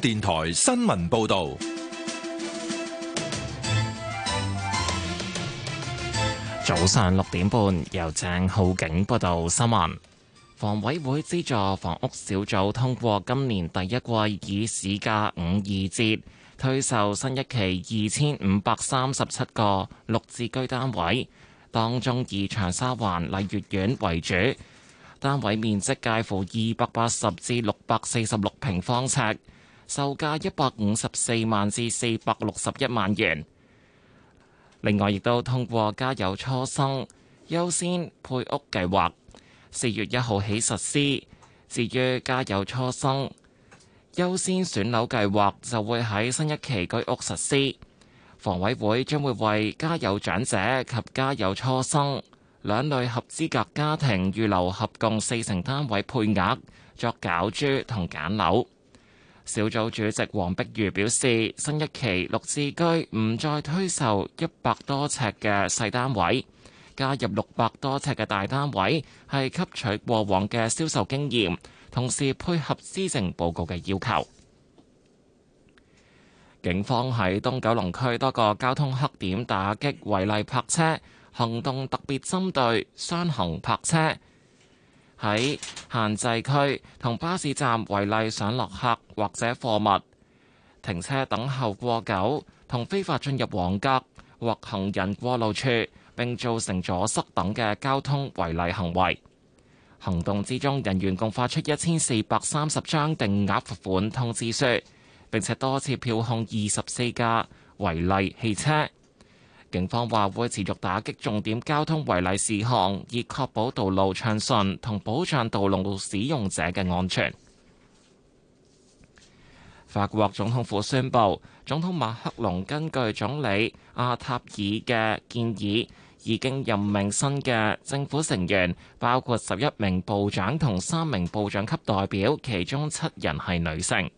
電台新聞報道，早上六點半由鄭浩景報道新聞。房委會資助房屋小組通過今年第一季以市價五二折推售新一期二千五百三十七個綠置居單位，當中以長沙灣麗月苑為主，單位面積介乎二百八十至六百四十六平方尺。售價一百五十四萬至四百六十一萬元。另外，亦都通過家有初生優先配屋計劃，四月一號起實施。至於家有初生優先選樓計劃，就會喺新一期居屋實施。房委會將會為家有長者及家有初生兩類合資格家庭預留合共四成單位配額，作攪珠同揀樓。小組主席黃碧如表示，新一期六字居唔再推售一百多尺嘅細單位，加入六百多尺嘅大單位，係吸取過往嘅銷售經驗，同時配合施政報告嘅要求。警方喺東九龍區多個交通黑點打擊違例泊車行動，特別針對雙行泊車，喺限制區同巴士站違例上落客或者貨物停車等候過久，同非法進入黃格或行人過路處並造成阻塞等嘅交通違例行為。行動之中，人員共發出一千四百三十張定額罰款通知書，並且多次票控二十四架違例汽車。警方話會持續打擊重點交通違例事項，以確保道路暢順同保障道路使用者嘅安全。法國總統府宣布，總統馬克龍根據總理阿塔爾嘅建議，已經任命新嘅政府成員，包括十一名部長同三名部長級代表，其中七人係女性。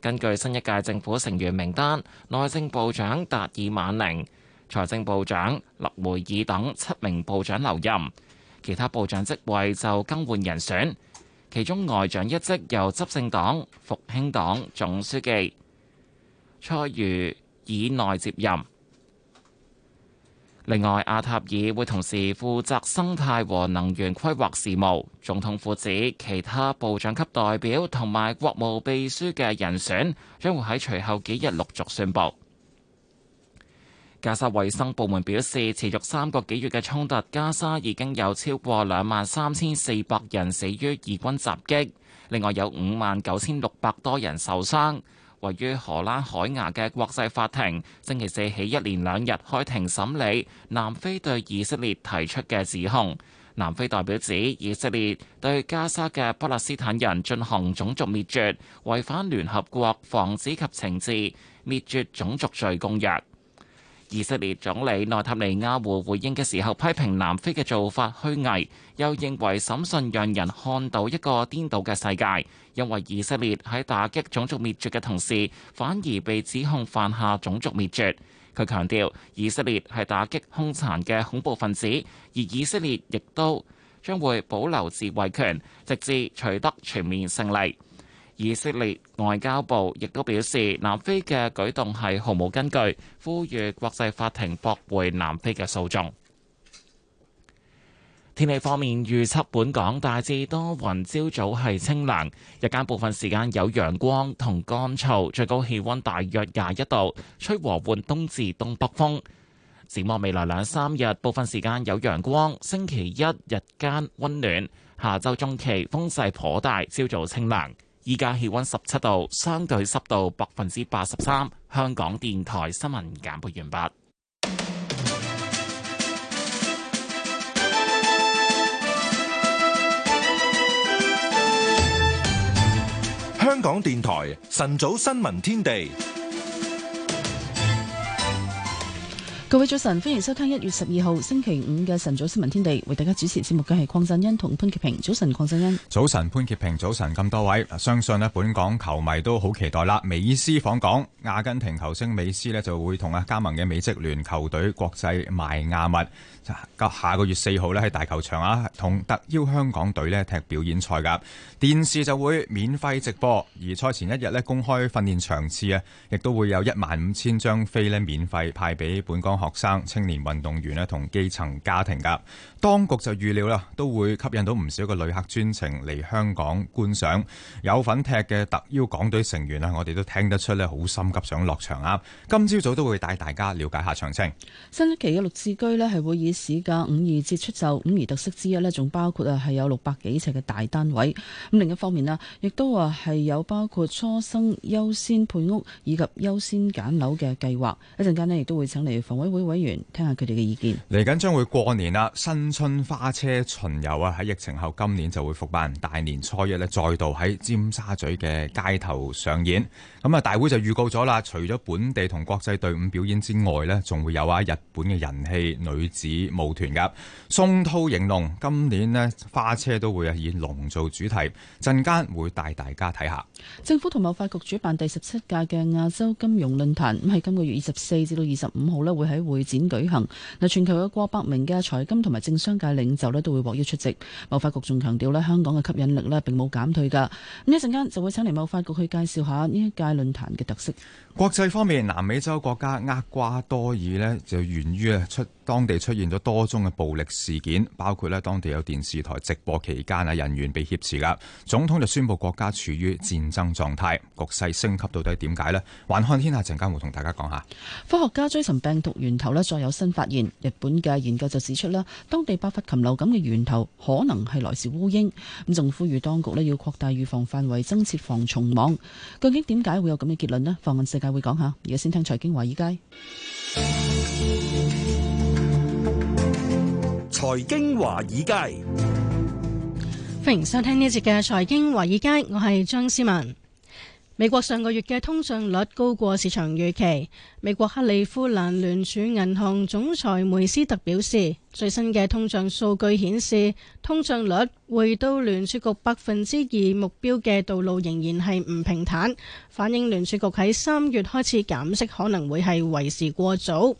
根據新一屆政府成員名單，內政部長達爾曼寧。財政部長勒梅爾等七名部長留任，其他部長職位就更換人選。其中外長一職由執政黨復興黨總書記蔡汝以內接任。另外，阿塔爾會同時負責生態和能源規劃事務。總統府指，其他部長級代表同埋國務秘書嘅人選，將會喺隨後幾日陸續宣佈。加沙衛生部門表示，持續三個幾月嘅衝突，加沙已經有超過兩萬三千四百人死於以軍襲擊，另外有五萬九千六百多人受傷。位於荷蘭海牙嘅國際法庭星期四起一連兩日開庭審理南非對以色列提出嘅指控。南非代表指，以色列對加沙嘅巴勒斯坦人進行種族滅絕，違反聯合國防止及懲治滅絕種族罪公約。以色列總理內塔尼亞胡回應嘅時候，批評南非嘅做法虛偽，又認為審訊讓人看到一個顛倒嘅世界，因為以色列喺打擊種族滅絕嘅同時，反而被指控犯下種族滅絕。佢強調，以色列係打擊兇殘嘅恐怖分子，而以色列亦都將會保留自衛權，直至取得全面勝利。以色列外交部亦都表示，南非嘅舉動係毫無根據，呼籲國際法庭駁回南非嘅訴訟。天氣方面預測，本港大致多雲，朝早係清涼，日間部分時間有陽光同乾燥，最高氣温大約廿一度，吹和緩東至東北風。展望未來兩三日，部分時間有陽光，星期一日間温暖，下週中期風勢頗大，朝早清涼。依家氣温十七度，相對濕度百分之八十三。香港電台新聞簡報完畢。香港電台晨早新聞天地。各位早晨，歡迎收聽一月十二號星期五嘅晨早新聞天地，為大家主持節目嘅係鄺振欣同潘潔平。早晨，鄺振欣，早晨，潘潔平，早晨，咁多位，相信呢本港球迷都好期待啦。美斯訪港，阿根廷球星美斯呢就會同啊加盟嘅美職聯球隊國際邁阿密。下個月四號咧喺大球場啊，同特邀香港隊咧踢表演賽噶，電視就會免費直播，而賽前一日咧公開訓練場次啊，亦都會有一萬五千張飛咧免費派俾本港學生、青年運動員咧同基層家庭噶。當局就預料啦，都會吸引到唔少個旅客專程嚟香港觀賞。有份踢嘅特邀港隊成員啦，我哋都聽得出咧，好心急想落場啊！今朝早都會帶大家了解下詳情。新一期嘅綠置居呢，係會以市價五二折出售，五二特色之一呢，仲包括啊係有六百幾尺嘅大單位。咁另一方面啦，亦都話係有包括初生優先配屋以及優先揀樓嘅計劃。一陣間呢，亦都會請嚟房委會委員聽下佢哋嘅意見。嚟緊將會過年啦，新春花車巡遊啊，喺疫情後今年就會復辦，大年初一咧，再度喺尖沙咀嘅街頭上演。咁啊，大會就預告咗啦，除咗本地同國際隊伍表演之外咧，仲會有啊日本嘅人氣女子舞團噶松濤迎龍。今年咧花車都會以龍做主題，陣間會帶大家睇下。政府同貿發局主辦第十七屆嘅亞洲金融論壇，咁係今個月二十四至到二十五號咧會喺會展舉行。嗱，全球有過百名嘅財金同埋政商界領袖咧都會獲邀出席。貿發局仲強調咧，香港嘅吸引力咧並冇減退㗎。一陣間就會請嚟貿發局去介紹下呢一屆論壇嘅特色。國際方面，南美洲國家厄瓜多爾咧就源於啊出當地出現咗多宗嘅暴力事件，包括咧當地有電視台直播期間啊人員被挾持㗎，總統就宣布國家處於戰爭狀態。局勢升級到底點解咧？還看天下陣間會同大家講下。科學家追尋病毒源頭咧，再有新發現。日本嘅研究就指出啦，當地爆發禽流感嘅源頭可能係來自烏蠅，咁仲呼籲當局呢要擴大預防範圍，增設防蟲網。究竟點解會有咁嘅結論呢？放眼世界會講下。而家先聽財經華爾街。財經華爾街，歡迎收聽呢一節嘅財經華爾街。我係張思文。美國上個月嘅通脹率高過市場預期。美國克利夫蘭聯儲銀行總裁梅斯特表示。最新嘅通脹數據顯示，通脹率回到聯儲局百分之二目標嘅道路仍然係唔平坦，反映聯儲局喺三月開始減息可能會係為時過早。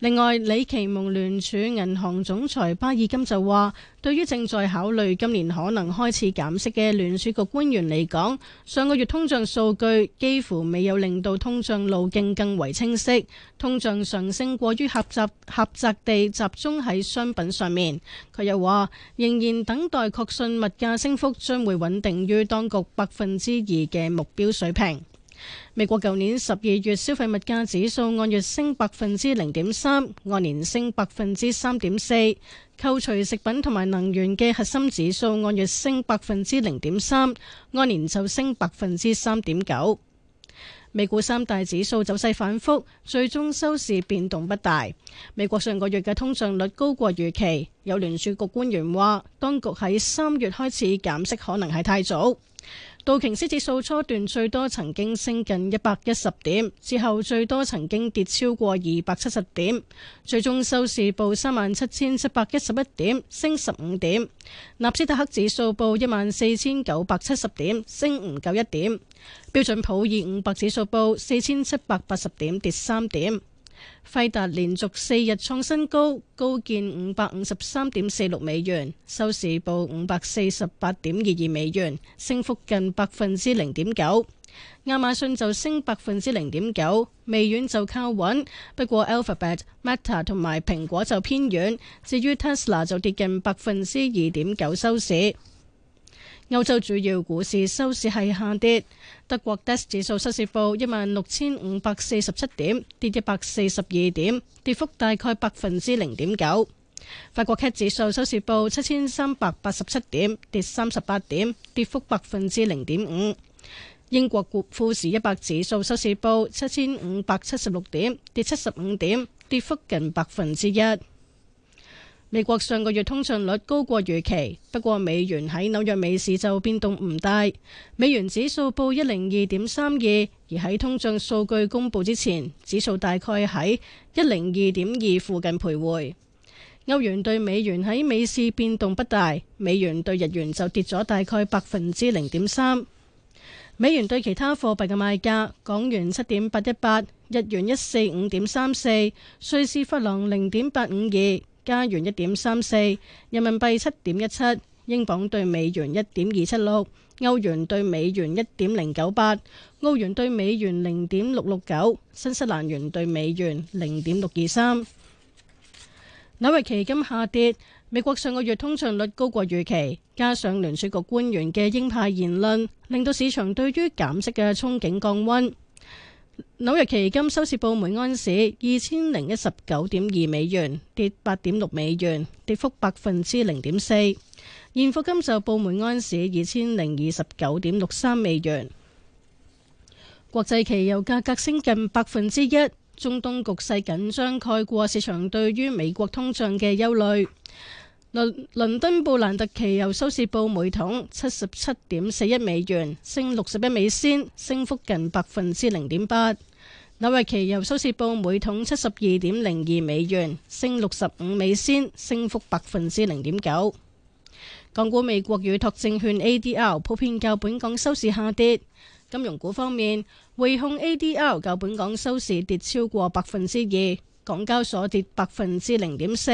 另外，李奇蒙聯儲銀行總裁巴爾金就話，對於正在考慮今年可能開始減息嘅聯儲局官員嚟講，上個月通脹數據幾乎未有令到通脹路徑更為清晰，通脹上升過於狹窄狹窄地集中喺商品上面，佢又話仍然等待確信物價升幅將會穩定於當局百分之二嘅目標水平。美國舊年十二月消費物價指數按月升百分之零點三，按年升百分之三點四。扣除食品同埋能源嘅核心指數按月升百分之零點三，按年就升百分之三點九。美股三大指數走勢反覆，最終收市變動不大。美國上個月嘅通脹率高過預期，有聯儲局官員話，當局喺三月開始減息可能係太早。道瓊斯指數初段最多曾經升近一百一十點，之後最多曾經跌超過二百七十點，最終收市報三萬七千七百一十一點，升十五點。納斯達克指數報一萬四千九百七十點，升唔夠一點。標準普爾五百指數報四千七百八十點，跌三點。輝達連續四日創新高，高見五百五十三點四六美元，收市報五百四十八點二二美元，升幅近百分之零點九。亞馬遜就升百分之零點九，微軟就靠穩，不過 Alphabet、Meta 同埋蘋果就偏軟。至於 Tesla 就跌近百分之二點九收市。歐洲主要股市收市係下跌，德國 DAX 指數收市報一萬六千五百四十七點，跌一百四十二點，跌幅大概百分之零點九。法國 CAC 指數收市報七千三百八十七點，跌三十八點，跌幅百分之零點五。英國富時一百指數收市報七千五百七十六點，跌七十五點，跌幅近百分之一。美國上個月通脹率高過預期，不過美元喺紐約美市就變動唔大，美元指數報一零二點三二，而喺通脹數據公布之前，指數大概喺一零二點二附近徘徊。歐元對美元喺美市變動不大，美元對日元就跌咗大概百分之零點三，美元對其他貨幣嘅賣價，港元七點八一八，日元一四五點三四，瑞士法郎零點八五二。加元1.34，人民幣7.17，英鎊對美元1.276，歐元對美元1.098，澳元對美元0.669，新西蘭元對美元0.623。紐約期金下跌，美國上個月通脹率高過預期，加上聯儲局官員嘅鷹派言論，令到市場對於減息嘅憧憬降溫。紐約期金收市報每安士二千零一十九點二美元，跌八點六美元，跌幅百分之零點四。現貨金就報每安士二千零二十九點六三美元。國際期油價格升近百分之一，中東局勢緊張，蓋過市場對於美國通脹嘅憂慮。倫敦布蘭特期油收市報每桶七十七點四一美元，升六十一美仙，升幅近百分之零點八。紐約期油收市報每桶七十二點零二美元，升六十五美仙，升幅百分之零點九。港股美國預託證券 A D R 普遍較本港收市下跌。金融股方面，匯控 A D R 較本港收市跌超過百分之二，港交所跌百分之零點四。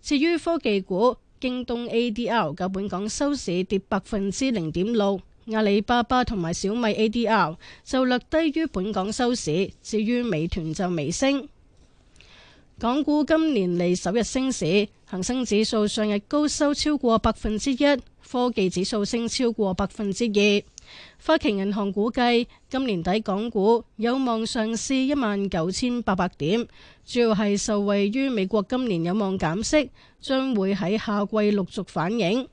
至於科技股，京東 ADR 嘅本港收市跌百分之零點六，阿里巴巴同埋小米 ADR 就略低於本港收市，至於美團就微升。港股今年嚟首日升市，恒生指數上日高收超過百分之一，科技指數升超過百分之二。花旗銀行估計今年底港股有望上試一萬九千八百點，主要係受惠於美國今年有望減息，將會喺夏季陸續反映。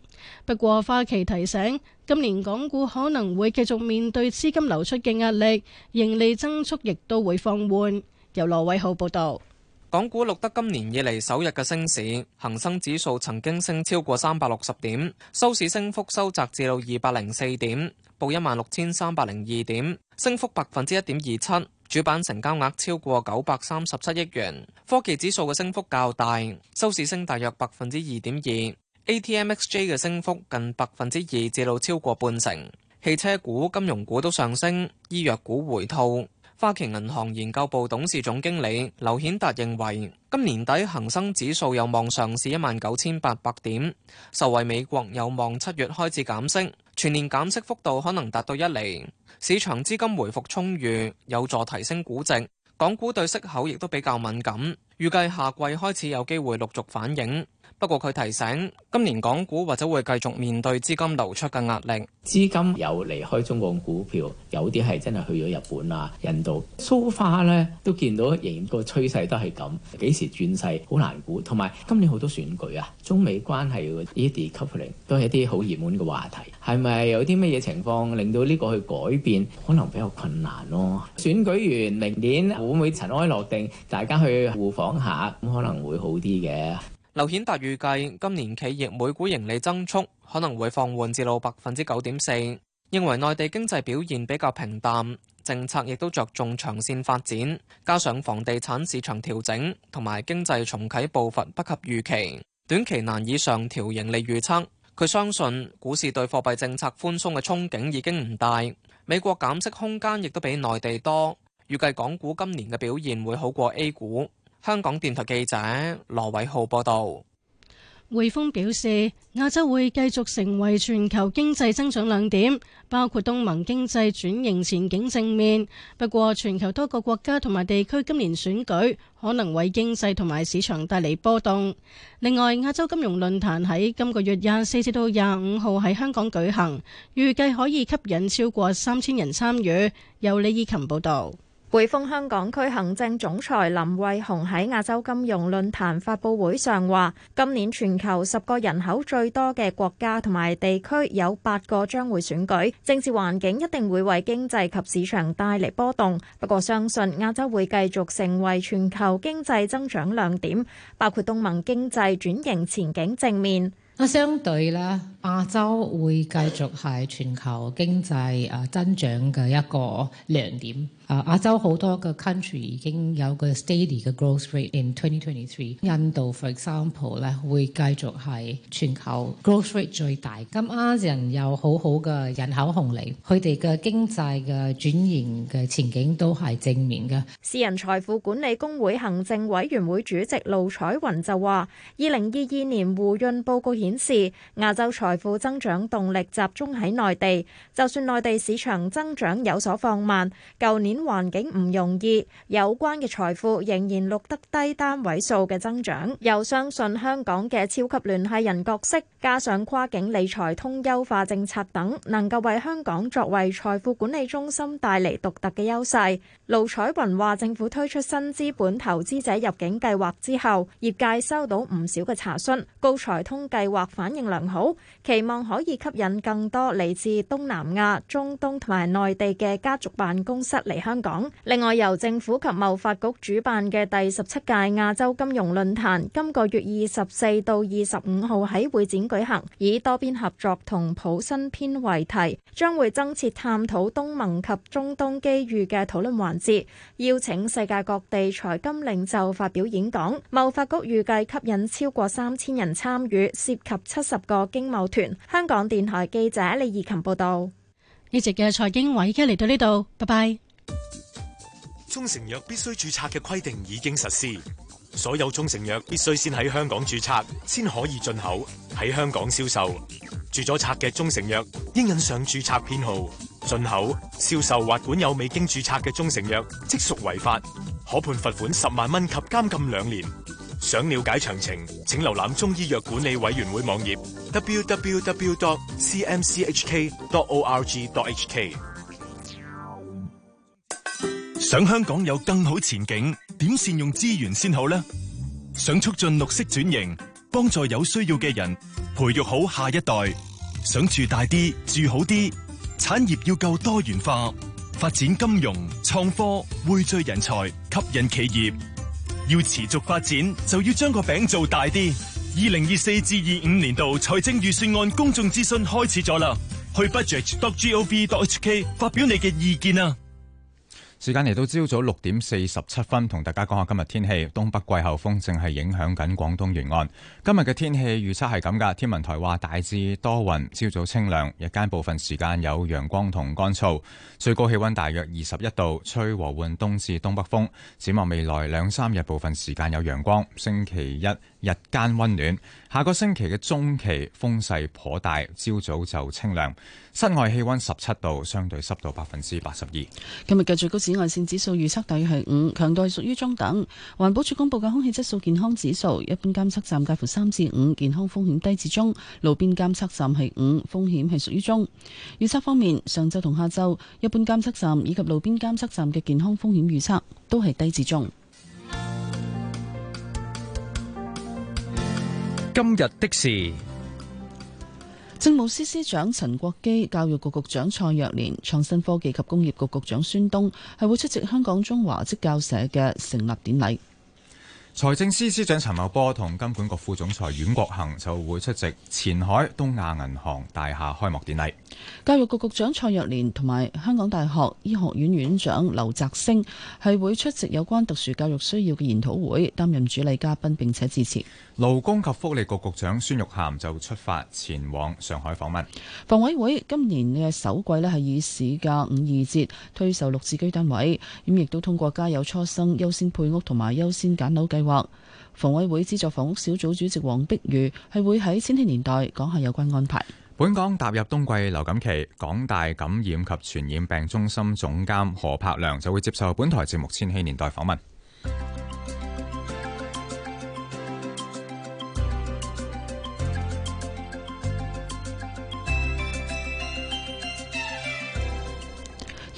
不過，花旗提醒今年港股可能會繼續面對資金流出嘅壓力，盈利增速亦都會放緩。由羅偉浩報道，港股錄得今年以嚟首日嘅升市，恒生指數曾經升超過三百六十點，收市升幅收窄至到二百零四點。報一萬六千三百零二點，升幅百分之一點二七，主板成交額超過九百三十七億元。科技指數嘅升幅較大，收市升大約百分之二點二。ATMXJ 嘅升幅近百分之二至到超過半成。汽車股、金融股都上升，醫藥股回吐。花旗銀行研究部董事總經理劉顯達認為，今年底恒生指數有望上市一萬九千八百點，受惠美國有望七月開始減息。全年減息幅度可能達到一釐，市場資金回復充裕，有助提升估值。港股對息口亦都比較敏感，預計下季開始有機會陸續反映。不過佢提醒，今年港股或者會繼續面對資金流出嘅壓力。資金有離開中國股票，有啲係真係去咗日本啊、印度。So far 咧都見到，仍然個趨勢都係咁。幾時轉勢好難估，同埋今年好多選舉啊，中美關係呢啲 decoupling 都係一啲好熱門嘅話題。係咪有啲乜嘢情況令到呢個去改變，可能比較困難咯？選舉完明年會唔會塵埃落定？大家去互訪下咁可能會好啲嘅。劉顯達預計今年企業每股盈利增速可能會放緩至到百分之九點四，認為內地經濟表現比較平淡，政策亦都着重長線發展，加上房地產市場調整同埋經濟重啟步伐不及預期，短期難以上調盈利預測。佢相信股市對貨幣政策寬鬆嘅憧憬已經唔大，美國減息空間亦都比內地多，預計港股今年嘅表現會好過 A 股。香港電台記者羅偉浩報道，匯豐表示亞洲會繼續成為全球經濟增長亮點，包括東盟經濟轉型前景正面。不過，全球多個國家同埋地區今年選舉可能為經濟同埋市場帶嚟波動。另外，亞洲金融論壇喺今個月廿四至到廿五號喺香港舉行，預計可以吸引超過三千人參與。由李以琴報道。匯豐香港區行政總裁林慧虹喺亞洲金融論壇發布會上話，今年全球十個人口最多嘅國家同埋地區有八個將會選舉，政治環境一定會為經濟及市場帶嚟波動。不過，相信亞洲會繼續成為全球經濟增長亮點，包括東盟經濟轉型前景正面。相對啦。亞洲會繼續係全球經濟誒增長嘅一個亮點。誒亞洲好多嘅 country 已經有個 steady 嘅 growth rate in 2023。印度 for example 咧會繼續係全球 growth rate 最大。咁亞人有好好嘅人口紅利，佢哋嘅經濟嘅轉型嘅前景都係正面嘅。私人財富管理公會行政委員會主席盧彩雲就話：二零二二年胡潤報告顯示亞洲財財富增長動力集中喺內地，就算內地市場增長有所放慢，舊年環境唔容易，有關嘅財富仍然錄得低單位數嘅增長。又相信香港嘅超級聯繫人角色，加上跨境理財通優化政策等，能夠為香港作為財富管理中心帶嚟獨特嘅優勢。盧彩雲話：政府推出新資本投資者入境計劃之後，業界收到唔少嘅查詢，高才通計劃反應良好。期望可以吸引更多嚟自東南亞、中東同埋內地嘅家族辦公室嚟香港。另外，由政府及貿發局主辦嘅第十七屆亞洲金融論壇今個月二十四到二十五號喺會展舉行，以多邊合作同譜新篇為題，將會增設探討東盟及中東機遇嘅討論環節，邀請世界各地財金領袖發表演講。貿發局預計吸引超過三千人參與，涉及七十個經貿團香港電台記者李怡琴報道，呢集嘅財經偉家嚟到呢度，拜拜。中成藥必須註冊嘅規定已經實施，所有中成藥必須先喺香港註冊，先可以進口喺香港銷售。註咗冊嘅中成藥應印上註冊編號，進口、銷售或管有未經註冊嘅中成藥，即屬違法，可判罰款十萬蚊及監禁兩年。想了解詳情，請瀏覽中醫藥管理委員會網頁 www.cmchk.org.hk。想香港有更好前景，點善用資源先好呢？想促進綠色轉型，幫助有需要嘅人，培育好下一代。想住大啲，住好啲，產業要夠多元化，發展金融、創科，匯聚人才，吸引企業。要持續發展，就要將個餅做大啲。二零二四至二五年度財政預算案公眾諮詢開始咗啦，去 budget.gov.hk 發表你嘅意見啊！時間嚟到朝早六點四十七分，同大家講下今日天氣。東北季候風正係影響緊廣東沿岸。今日嘅天氣預測係咁噶，天文台話大致多雲，朝早清涼，日間部分時間有陽光同乾燥，最高氣溫大約二十一度，吹和緩東至東北風。展望未來兩三日部分時間有陽光。星期一，日間溫暖，下個星期嘅中期風勢頗大，朝早就清涼，室外氣溫十七度，相對濕度百分之八十二。今日嘅最高紫外線指數預測大約係五，強度屬於中等。環保署公布嘅空氣質素健康指數，一般監測站介乎三至五，健康風險低至中；路邊監測站係五，風險係屬於中。預測方面，上晝同下晝一般監測站以及路邊監測站嘅健康風險預測都係低至中。今日的事，政務司司長陳國基、教育局局長蔡若蓮、創新科技及工業局局長孫東，係會出席香港中華職教社嘅成立典禮。財政司司長陳茂波同金管局副總裁阮國恒就會出席前海東亞銀行大廈開幕典禮。教育局局長蔡若蓮同埋香港大學醫學院院長劉澤星係會出席有關特殊教育需要嘅研討會，擔任主禮嘉賓，並且致辭。勞工及福利局局長孫玉菡就出發前往上海訪問。房委會今年嘅首季咧係以市價五二折推售六字居單位，咁亦都通過家有初生優先配屋同埋優先揀樓計劃。房委會資助房屋小組主席黃碧如係會喺千禧年代講下有關安排。本港踏入冬季流感期，港大感染及傳染病中心總監何柏良就會接受本台節目千禧年代訪問。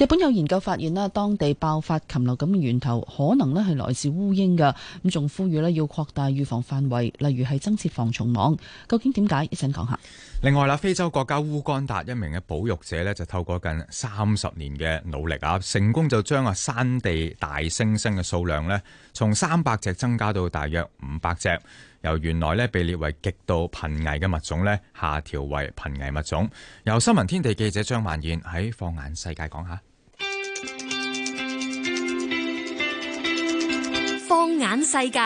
日本有研究發現咧，當地爆發禽流感源頭可能咧係來自烏蠅嘅，咁仲呼籲咧要擴大預防範圍，例如係增設防蟲網。究竟點解？講一陣講下。另外啦，非洲國家烏干達一名嘅保育者咧，就透過近三十年嘅努力啊，成功就將啊山地大猩猩嘅數量咧，從三百隻增加到大約五百隻，由原來咧被列為極度瀕危嘅物種咧，下調為瀕危物種。由新聞天地記者張萬燕喺放眼世界講下。眼世界，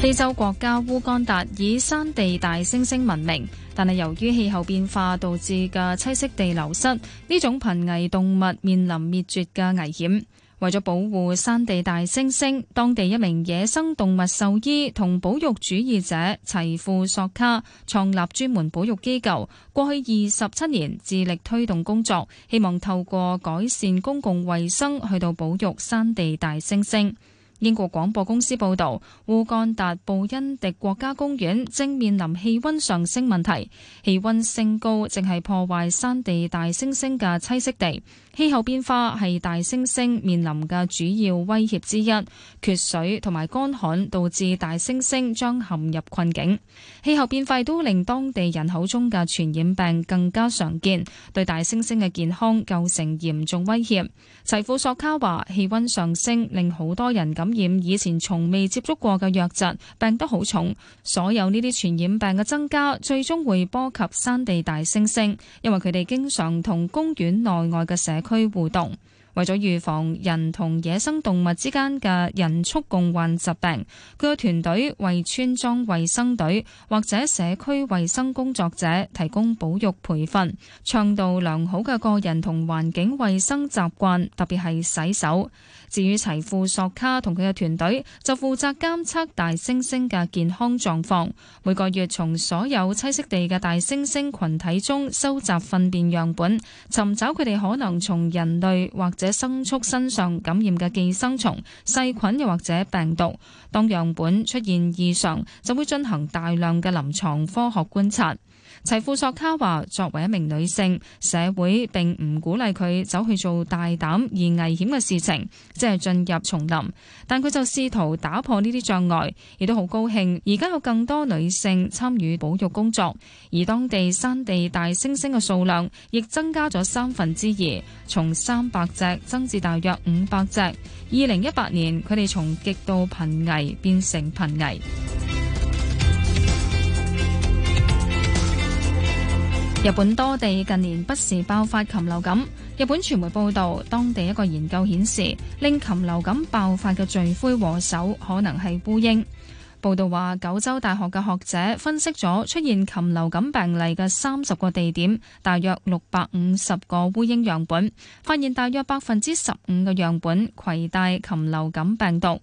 非洲國家烏干達以山地大猩猩聞名，但係由於氣候變化導致嘅棲息地流失，呢種瀕危動物面臨滅絕嘅危險。為咗保護山地大猩猩，當地一名野生動物獸醫同保育主義者齊富索卡創立專門保育機構，過去二十七年致力推動工作，希望透過改善公共衛生去到保育山地大猩猩。英國廣播公司報道，烏干達布恩迪國家公園正面臨氣溫上升問題。氣溫升高正係破壞山地大猩猩嘅棲息地。氣候變化係大猩猩面臨嘅主要威脅之一。缺水同埋乾旱導致大猩猩將陷入困境。氣候變化都令當地人口中嘅傳染病更加常見，對大猩猩嘅健康構成嚴重威脅。齊富索卡話：氣溫上升令好多人感染以前從未接觸過嘅瘧疾，病得好重。所有呢啲傳染病嘅增加，最終會波及山地大猩猩，因為佢哋經常同公園內外嘅社區互動。為咗預防人同野生動物之間嘅人畜共患疾病，佢嘅團隊為村莊衛生隊或者社區衛生工作者提供保育培訓，倡導良好嘅個人同環境衛生習慣，特別係洗手。至於齊富索卡同佢嘅團隊就負責監測大猩猩嘅健康狀況，每個月從所有棲息地嘅大猩猩群體中收集糞便樣本，尋找佢哋可能從人類或者牲畜身上感染嘅寄生蟲、細菌又或者病毒。當樣本出現異常，就會進行大量嘅臨床科學觀察。齊富索卡話，作為一名女性，社會並唔鼓勵佢走去做大膽而危險嘅事情，即係進入叢林。但佢就試圖打破呢啲障礙，亦都好高興。而家有更多女性參與保育工作，而當地山地大猩猩嘅數量亦增加咗三分之二，從三百隻增至大約五百隻。二零一八年，佢哋從極度瀕危變成瀕危。日本多地近年不時爆發禽流感。日本傳媒報導，當地一個研究顯示，令禽流感爆發嘅罪魁禍首可能係烏蠅。報導話，九州大學嘅學者分析咗出現禽流感病例嘅三十個地點，大約六百五十個烏蠅樣本，發現大約百分之十五嘅樣本攜帶禽流感病毒。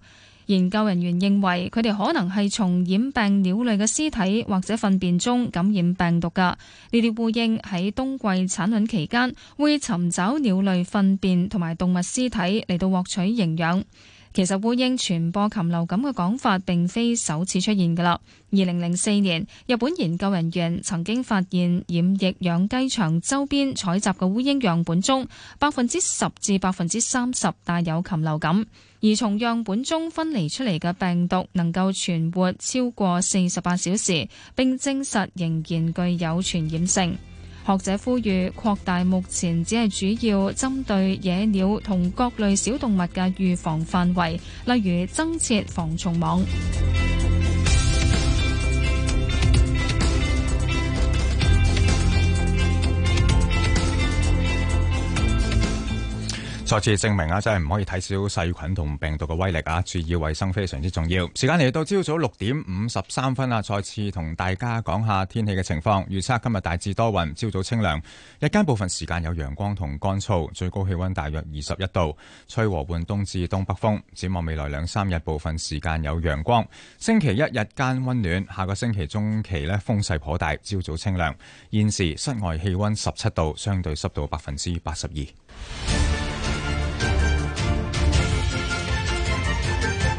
研究人員認為，佢哋可能係從染病鳥類嘅屍體或者糞便中感染病毒噶。呢啲烏蠅喺冬季產卵期間，會尋找鳥類糞便同埋動物屍體嚟到獲取營養。其實烏蠅傳播禽流感嘅講法，並非首次出現噶啦。二零零四年，日本研究人員曾經發現染疫養雞場周邊採集嘅烏蠅樣本中，百分之十至百分之三十帶有禽流感。而從樣本中分離出嚟嘅病毒能夠存活超過四十八小時，並證實仍然具有傳染性。學者呼籲擴大目前只係主要針對野鳥同各類小動物嘅預防範圍，例如增設防蟲網。再次證明啊，真係唔可以睇小細菌同病毒嘅威力啊！注意衞生非常之重要。時間嚟到朝早六點五十三分啦，啊，再次同大家講下天氣嘅情況。預測今日大致多雲，朝早清涼，日間部分時間有陽光同乾燥，最高氣温大約二十一度，吹和緩東至東北風。展望未來兩三日部分時間有陽光，星期一日間温暖。下個星期中期呢，風勢頗大，朝早清涼。現時室外氣温十七度，相對濕度百分之八十二。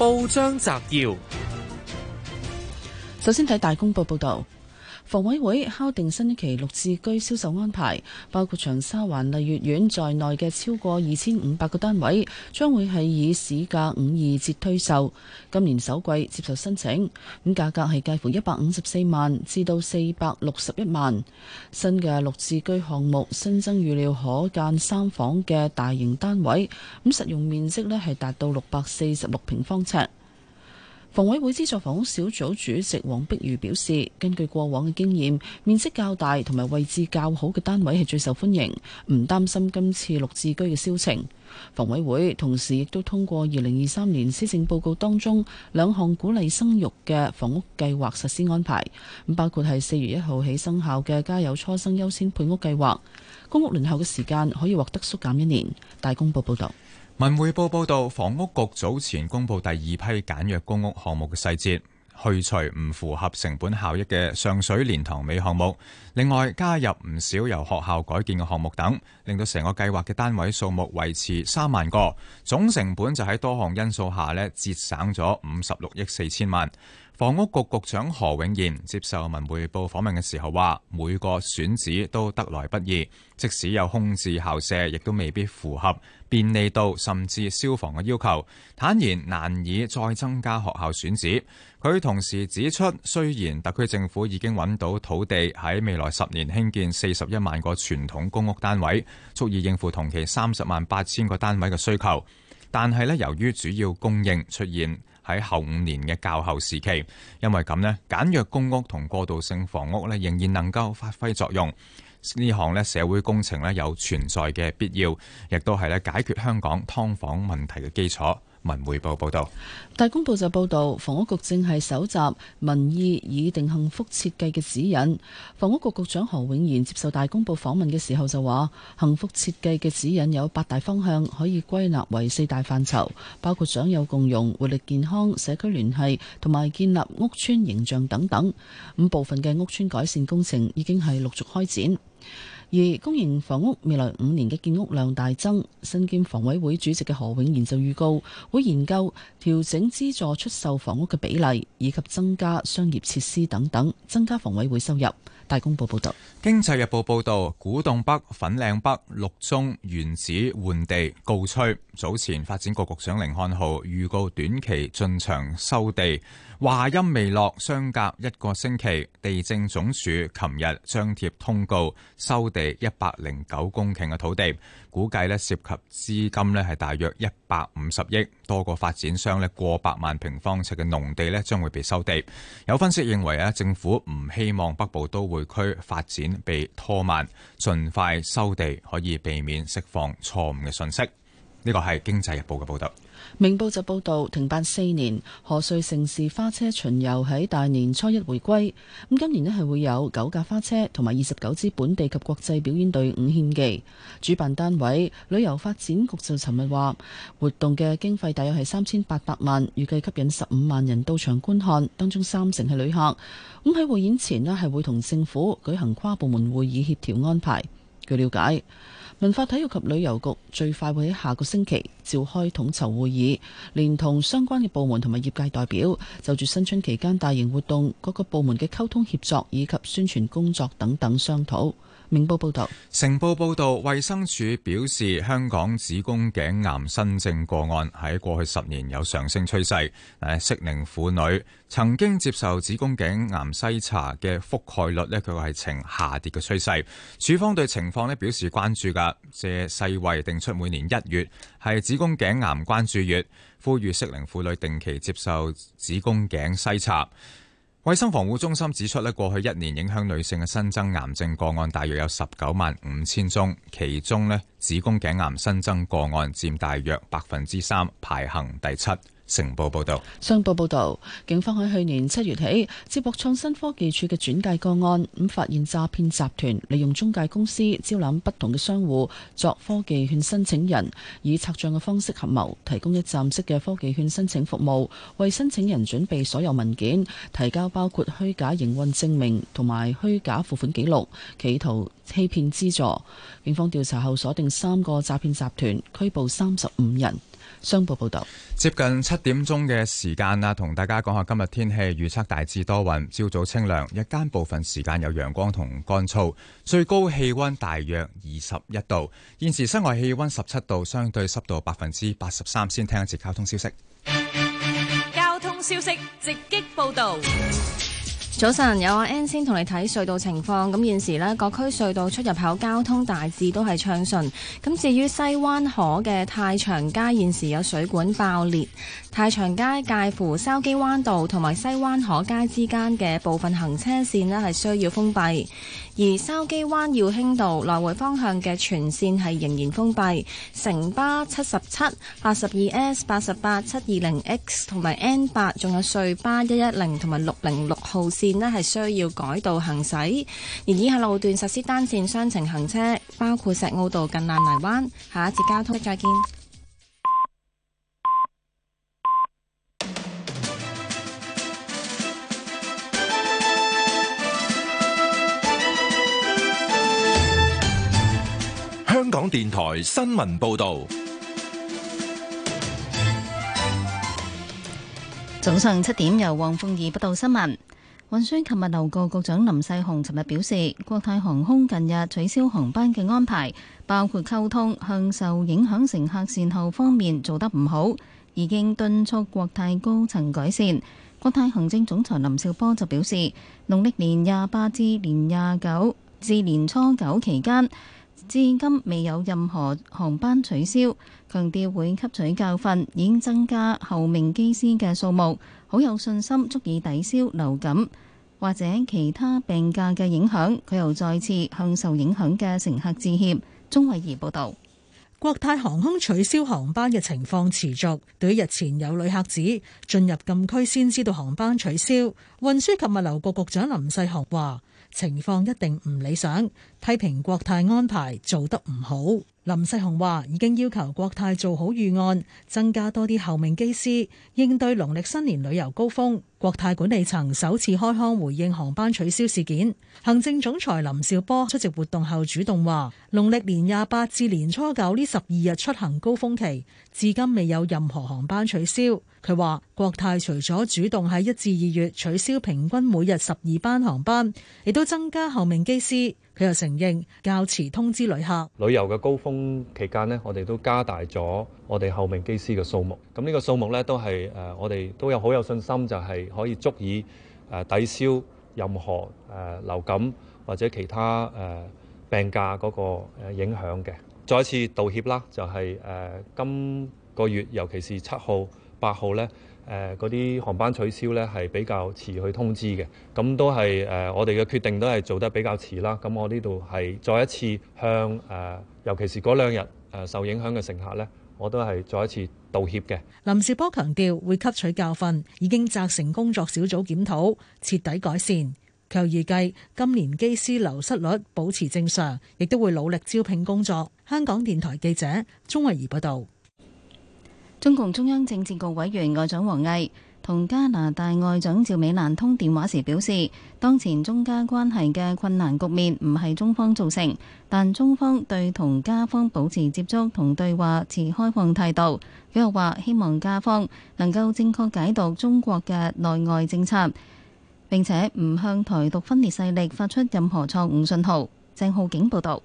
報章摘要，首先睇大公報報道。房委會敲定新一期六字居銷售安排，包括長沙灣麗悅苑在內嘅超過二千五百個單位，將會係以市價五二折推售，今年首季接受申請。咁價格係介乎一百五十四萬至到四百六十一萬。新嘅六字居項目新增預料可間三房嘅大型單位，咁實用面積呢係達到六百四十六平方尺。房委會資助房屋小組主席黃碧如表示，根據過往嘅經驗，面積較大同埋位置較好嘅單位係最受歡迎，唔擔心今次綠置居嘅銷情。房委會同時亦都通過二零二三年施政報告當中兩項鼓勵生育嘅房屋計劃實施安排，包括係四月一號起生效嘅家有初生優先配屋計劃，公屋輪候嘅時間可以獲得縮減一年。大公報報導。文匯報報道，房屋局早前公布第二批簡約公屋項目嘅細節，去除唔符合成本效益嘅上水蓮塘尾項目，另外加入唔少由學校改建嘅項目等，令到成個計劃嘅單位數目維持三萬個，總成本就喺多項因素下呢節省咗五十六億四千萬。房屋局局長何永賢接受文匯報訪問嘅時候話：每個選址都得來不易，即使有空置校舍，亦都未必符合便利度甚至消防嘅要求。坦言難以再增加學校選址。佢同時指出，雖然特區政府已經揾到土地喺未來十年興建四十一萬個傳統公屋單位，足以應付同期三十萬八千個單位嘅需求，但係咧由於主要供應出現。喺後五年嘅較後時期，因為咁呢，簡約公屋同過渡性房屋呢，仍然能夠發揮作用。呢項呢社會工程呢，有存在嘅必要，亦都係咧解決香港劏房問題嘅基礎。文匯報報道，大公報就報道房屋局正係搜集民意，擬定幸福設計嘅指引。房屋局局長何永賢接受大公報訪問嘅時候就話，幸福設計嘅指引有八大方向，可以歸納為四大範疇，包括長幼共融、活力、健康、社區聯繫同埋建立屋村形象等等。咁部分嘅屋村改善工程已經係陸續開展。而公營房屋未來五年嘅建屋量大增，新兼房委會主席嘅何永賢就預告會研究調整資助出售房屋嘅比例，以及增加商業設施等等，增加房委會收入。大公報報道，《經濟日報》報道，古洞北、粉嶺北、六宗原址換地告吹。早前發展局局長甯漢豪預告短期進場收地。話音未落，相隔一個星期，地政總署琴日張貼通告，收地一百零九公頃嘅土地，估計咧涉及資金咧係大約一百五十億，多個發展商咧過百萬平方尺嘅農地咧將會被收地。有分析認為咧，政府唔希望北部都會區發展被拖慢，盡快收地可以避免釋放錯誤嘅訊息。呢個係《經濟日報》嘅報道。明報就報道，停辦四年，賀歲盛事花車巡遊喺大年初一回歸。咁今年呢係會有九架花車同埋二十九支本地及國際表演隊伍獻技。主辦單位旅遊發展局就尋日話，活動嘅經費大約係三千八百萬，預計吸引十五萬人到場觀看，當中三成係旅客。咁喺匯演前呢係會同政府舉行跨部門會議協調安排。據了解。文化體育及旅遊局最快會喺下個星期召開統籌會議，連同相關嘅部門同埋業界代表，就住新春期間大型活動、各個部門嘅溝通協作以及宣傳工作等等商討。明報報導，成報報導，衛生署表示，香港子宮頸癌新症個案喺過去十年有上升趨勢。誒，適齡婦女曾經接受子宮頸癌篩查嘅覆蓋率呢，佢係呈下跌嘅趨勢。署方對情況咧表示關注㗎，借世衛定出每年一月係子宮頸癌關注月，呼籲適齡婦女定期接受子宮頸篩查。衛生防護中心指出呢，過去一年影響女性嘅新增癌症個案大約有十九萬五千宗，其中呢，子宮頸癌新增個案佔大約百分之三，排行第七。成報報導，商報報道，警方喺去年七月起接獲創新科技處嘅轉介個案，咁發現詐騙集團利用中介公司招攬不同嘅商戶作科技券申請人，以拆賬嘅方式合謀提供一站式嘅科技券申請服務，為申請人準備所有文件，提交包括虛假營運證明同埋虛假付款記錄，企圖欺騙資助。警方調查後鎖定三個詐騙集團，拘捕三十五人。商報報道，接近七點鐘嘅時間喇，同大家講下今日天，天氣預測大致多雲，朝早清涼，日間部分時間有陽光同乾燥，最高氣溫大約二十一度。現時室外氣溫十七度，相對濕度百分之八十三。先聽一次交通消息。交通消息直擊報道。早晨，有阿 N 先同你睇隧道情況。咁現時呢，各區隧道出入口交通大致都係暢順。咁至於西灣河嘅太長街，現時有水管爆裂。太祥街介乎筲箕灣道同埋西灣河街之間嘅部分行車線咧係需要封閉，而筲箕灣耀興道來回方向嘅全線係仍然封閉。城巴七十七、八十二 S、八十八、七二零 X 同埋 N 八，仲有隧巴一一零同埋六零六號線咧係需要改道行駛，而以下路段實施單線雙程行車，包括石澳道近爛泥灣。下一節交通再見。香港電台新聞報道，早上七點由黃鳳儀報道新聞。運輸及物流局局長林世雄尋日表示，國泰航空近日取消航班嘅安排，包括溝通、向受影響乘客善後方面做得唔好，已經敦促國泰高層改善。國泰行政總裁林紹波就表示，農曆年廿八至年廿九至年初九期間，至今未有任何航班取消，強調會吸取教訓，已經增加候命機師嘅數目，好有信心足以抵消流感或者其他病假嘅影響。佢又再次向受影響嘅乘客致歉。鍾慧儀報導，國泰航空取消航班嘅情況持續。對於日前有旅客指進入禁區先知道航班取消，運輸及物流局局長林世雄話，情況一定唔理想，批評國泰安排做得唔好。林世雄話：已經要求國泰做好預案，增加多啲候命機師，應對農曆新年旅遊高峰。國泰管理層首次開腔回應航班取消事件。行政總裁林紹波出席活動後主動話：農曆年廿八至年初九呢十二日出行高峰期，至今未有任何航班取消。佢話：國泰除咗主動喺一至二月取消平均每日十二班航班，亦都增加候命機師。佢又承認較遲通知旅客，旅遊嘅高峰期間呢，我哋都加大咗我哋候命機師嘅數目。咁呢個數目呢，都係誒，我哋都有好有信心，就係可以足以誒抵消任何誒流感或者其他誒病假嗰個影響嘅。再一次道歉啦，就係誒今個月，尤其是七號、八號呢。誒嗰啲航班取消呢，係比較遲去通知嘅，咁都係誒、呃、我哋嘅決定都係做得比較遲啦。咁我呢度係再一次向誒、呃，尤其是嗰兩日誒受影響嘅乘客呢，我都係再一次道歉嘅。林紹波強調會吸取教訓，已經責成工作小組檢討，徹底改善。佢又預計今年機師流失率保持正常，亦都會努力招聘工作。香港電台記者鍾慧儀報道。中共中央政治局委員外長王毅同加拿大外長趙美蘭通電話時表示，當前中加關係嘅困難局面唔係中方造成，但中方對同加方保持接觸同對話持開放態度。佢又話希望加方能夠正確解讀中國嘅內外政策，並且唔向台獨分裂勢力發出任何錯誤信號。鄭浩景報道。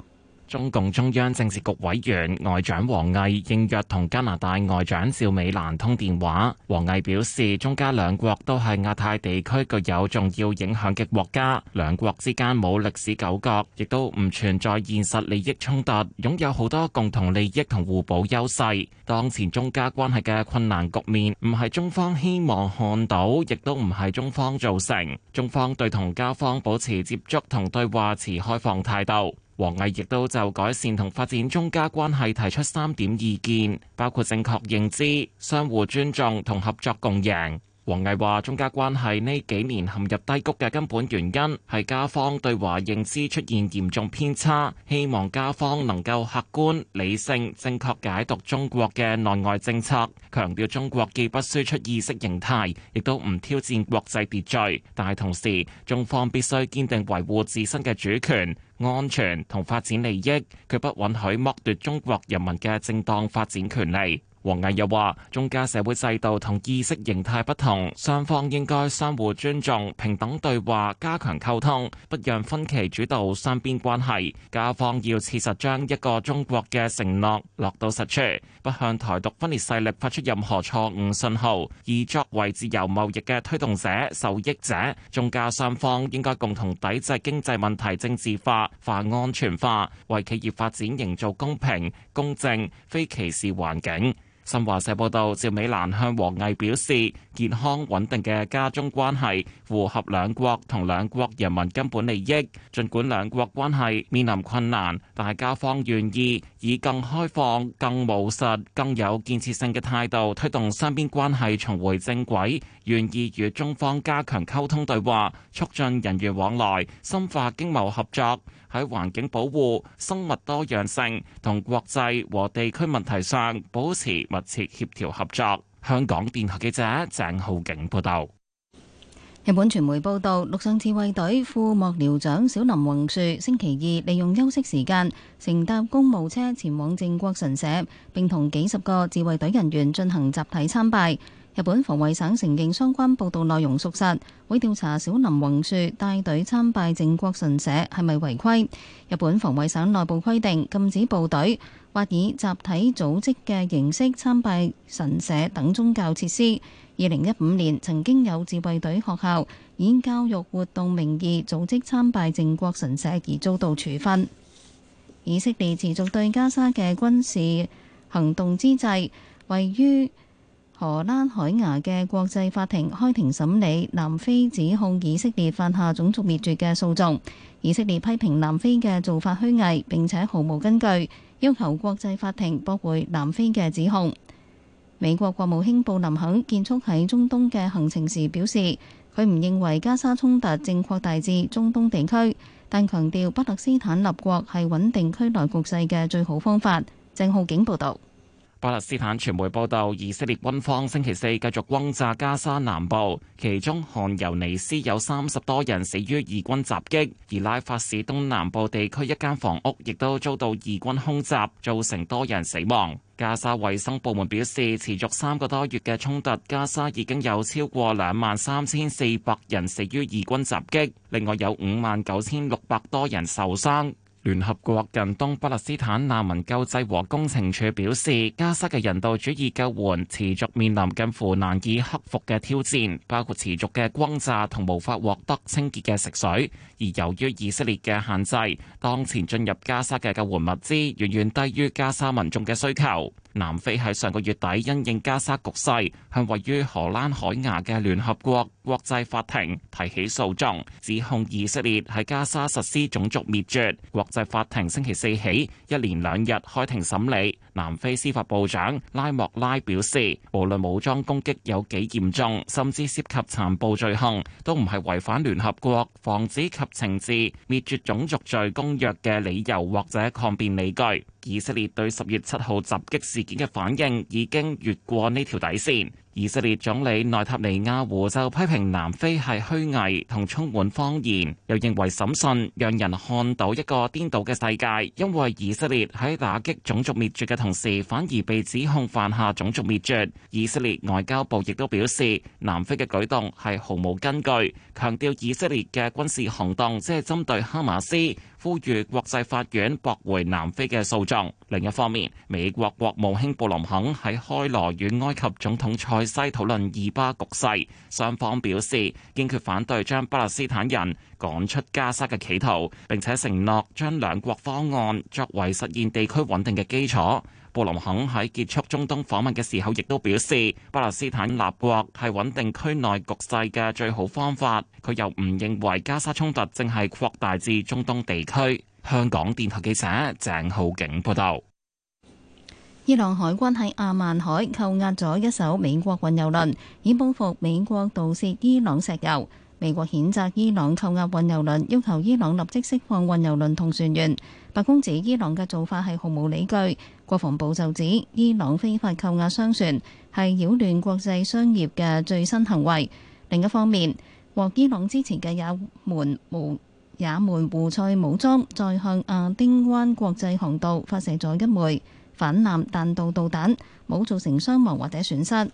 中共中央政治局委員外長王毅應約同加拿大外長趙美蘭通電話，王毅表示，中加兩國都係亞太地區具有重要影響嘅國家，兩國之間冇歷史糾葛，亦都唔存在現實利益衝突，擁有好多共同利益同互補優勢，當前中加關係嘅困難局面，唔係中方希望看到，亦都唔係中方造成。中方對同加方保持接觸同對話持開放態度。王毅亦都就改善同發展中加關係提出三點意見，包括正確認知、相互尊重同合作共贏。王毅話，中加關係呢幾年陷入低谷嘅根本原因係加方對華認知出現嚴重偏差，希望加方能夠客觀、理性、正確解讀中國嘅內外政策。強調中國既不輸出意識形態，亦都唔挑戰國際秩序，但係同時中方必須堅定維護自身嘅主權安全同發展利益，佢不允許剝奪中國人民嘅正當發展權利。王毅又話：中加社會制度同意識形態不同，雙方應該相互尊重、平等對話、加強溝通，不讓分歧主導雙邊關係。加方要切實將一個中國嘅承諾落到實處，不向台獨分裂勢力發出任何錯誤信號。而作為自由貿易嘅推動者、受益者，中加雙方應該共同抵制經濟問題政治化、化安全化，為企業發展營造公平、公正、非歧視環境。新華社報道，趙美蘭向王毅表示，健康穩定嘅加中關係符合兩國同兩國人民根本利益。盡管兩國關係面臨困難，但係加方願意以更開放、更務實、更有建設性嘅態度推動雙邊關係重回正軌，願意與中方加強溝通對話，促進人員往來，深化經貿合作。喺環境保護、生物多樣性同國際和地區問題上保持密切協調合作。香港電台記者鄭浩景報道。日本傳媒報道，陸上自衛隊副幕僚長小林宏樹星期二利用休息時間，乘搭公務車前往靖國神社，並同幾十個自衛隊人員進行集體參拜。日本防衛省承認相關報道內容屬實，會調查小林宏樹帶隊參拜靖國神社係咪違規。日本防衛省內部規定禁止部隊或以集體組織嘅形式參拜神社等宗教設施。二零一五年曾經有自衛隊學校以教育活動名義組織參拜靖國神社而遭到處分。以色列持續對加沙嘅軍事行動之際，位於。荷蘭海牙嘅國際法庭開庭審理南非指控以色列犯下種族滅絕嘅訴訟。以色列批評南非嘅做法虛偽並且毫無根據，要求國際法庭駁回南非嘅指控。美國國務卿布林肯結束喺中東嘅行程時表示，佢唔認為加沙衝突正擴大至中東地區，但強調巴勒斯坦立國係穩定區內局勢嘅最好方法。鄭浩景報道。巴勒斯坦傳媒報道，以色列軍方星期四繼續轟炸加沙南部，其中汗尤尼斯有三十多人死於以軍襲擊，而拉法市東南部地區一間房屋亦都遭到以軍空襲，造成多人死亡。加沙衛生部門表示，持續三個多月嘅衝突，加沙已經有超過兩萬三千四百人死於以軍襲擊，另外有五萬九千六百多人受傷。聯合國近東巴勒斯坦難民救濟和工程處表示，加沙嘅人道主義救援持續面臨近乎難以克服嘅挑戰，包括持續嘅轟炸同無法獲得清潔嘅食水。而由於以色列嘅限制，當前進入加沙嘅救援物資遠遠低於加沙民眾嘅需求。南非喺上個月底因應加沙局勢，向位於荷蘭海牙嘅聯合國國際法庭提起訴訟，指控以色列喺加沙實施種族滅絕。國法庭星期四起一連兩日開庭審理。南非司法部長拉莫拉表示，無論武裝攻擊有幾嚴重，甚至涉及殘暴罪行，都唔係違反聯合國防止及懲治滅絕種族罪公約嘅理由或者抗辯理據。以色列對十月七號襲擊事件嘅反應已經越過呢條底線。以色列總理內塔尼亞胡就批評南非係虛偽同充滿謊言，又認為審訊讓人看到一個顛倒嘅世界，因為以色列喺打擊種族滅絕嘅同時，反而被指控犯下種族滅絕。以色列外交部亦都表示，南非嘅舉動係毫無根據，強調以色列嘅軍事行動只係針對哈馬斯。呼籲國際法院駁回南非嘅訴訟。另一方面，美國國務卿布林肯喺開羅與埃及總統塞西討論以巴局勢，雙方表示堅決反對將巴勒斯坦人趕出加沙嘅企圖，並且承諾將兩國方案作為實現地區穩定嘅基礎。布林肯喺結束中東訪問嘅時候，亦都表示巴勒斯坦立國係穩定區內局勢嘅最好方法。佢又唔認為加沙衝突正係擴大至中東地區。香港電台記者鄭浩景報道：伊朗海軍喺阿曼海扣押咗一艘美國運油輪，以報復美國盜竊伊朗石油。美國譴責伊朗扣押運油輪，要求伊朗立即釋放運油輪同船員。白宮指伊朗嘅做法係毫無理據。國防部就指，伊朗非法扣押商船係擾亂國際商業嘅最新行為。另一方面，獲伊朗支持嘅也門無也門胡塞武裝再向亞丁灣國際航道發射咗一枚反艦彈道導彈，冇造成傷亡或者損失。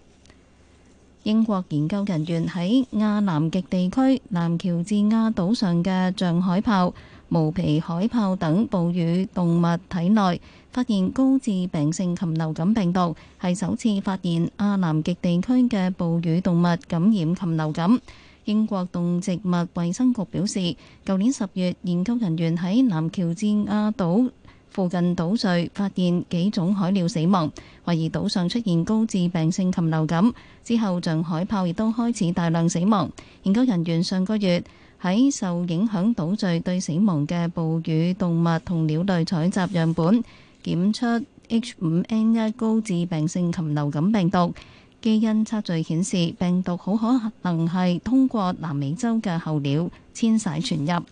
英國研究人員喺亞南極地區南喬治亞島島上嘅象海豹、毛皮海豹等哺乳動物體內發現高致病性禽流感病毒，係首次發現亞南極地區嘅哺乳動物感染禽流感。英國動植物衛生局表示，舊年十月，研究人員喺南喬治亞島附近島嶼發現幾種海鳥死亡，懷疑島上出現高致病性禽流感。之後，象海豹亦都開始大量死亡。研究人員上個月喺受影響島嶼對死亡嘅哺乳動物同鳥類採集樣本。檢出 H 五 N 一高致病性禽流感病毒，基因測序顯示病毒好可能係通過南美洲嘅候鳥遷徙傳入。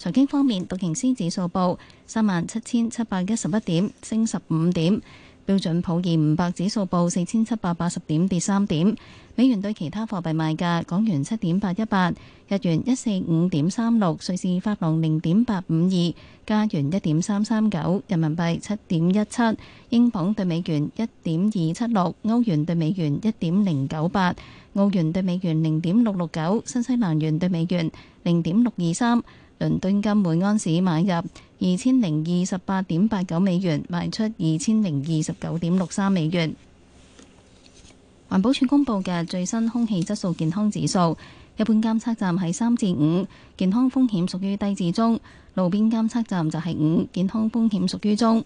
財經方面，道瓊斯指數報三萬七千七百一十一點，升十五點。標準普爾五百指數報四千七百八十點，跌三點。美元對其他貨幣賣價：港元七點八一八，日元一四五點三六，瑞士法郎零點八五二，加元一點三三九，人民幣七點一七，英鎊對美元一點二七六，歐元對美元一點零九八，澳元對美元零點六六九，新西蘭元對美元零點六二三。倫敦金每安士買入。二千零二十八點八九美元，賣出二千零二十九點六三美元。環保署公布嘅最新空氣質素健康指數，一般監測站係三至五，健康風險屬於低至中；路邊監測站就係五，健康風險屬於中。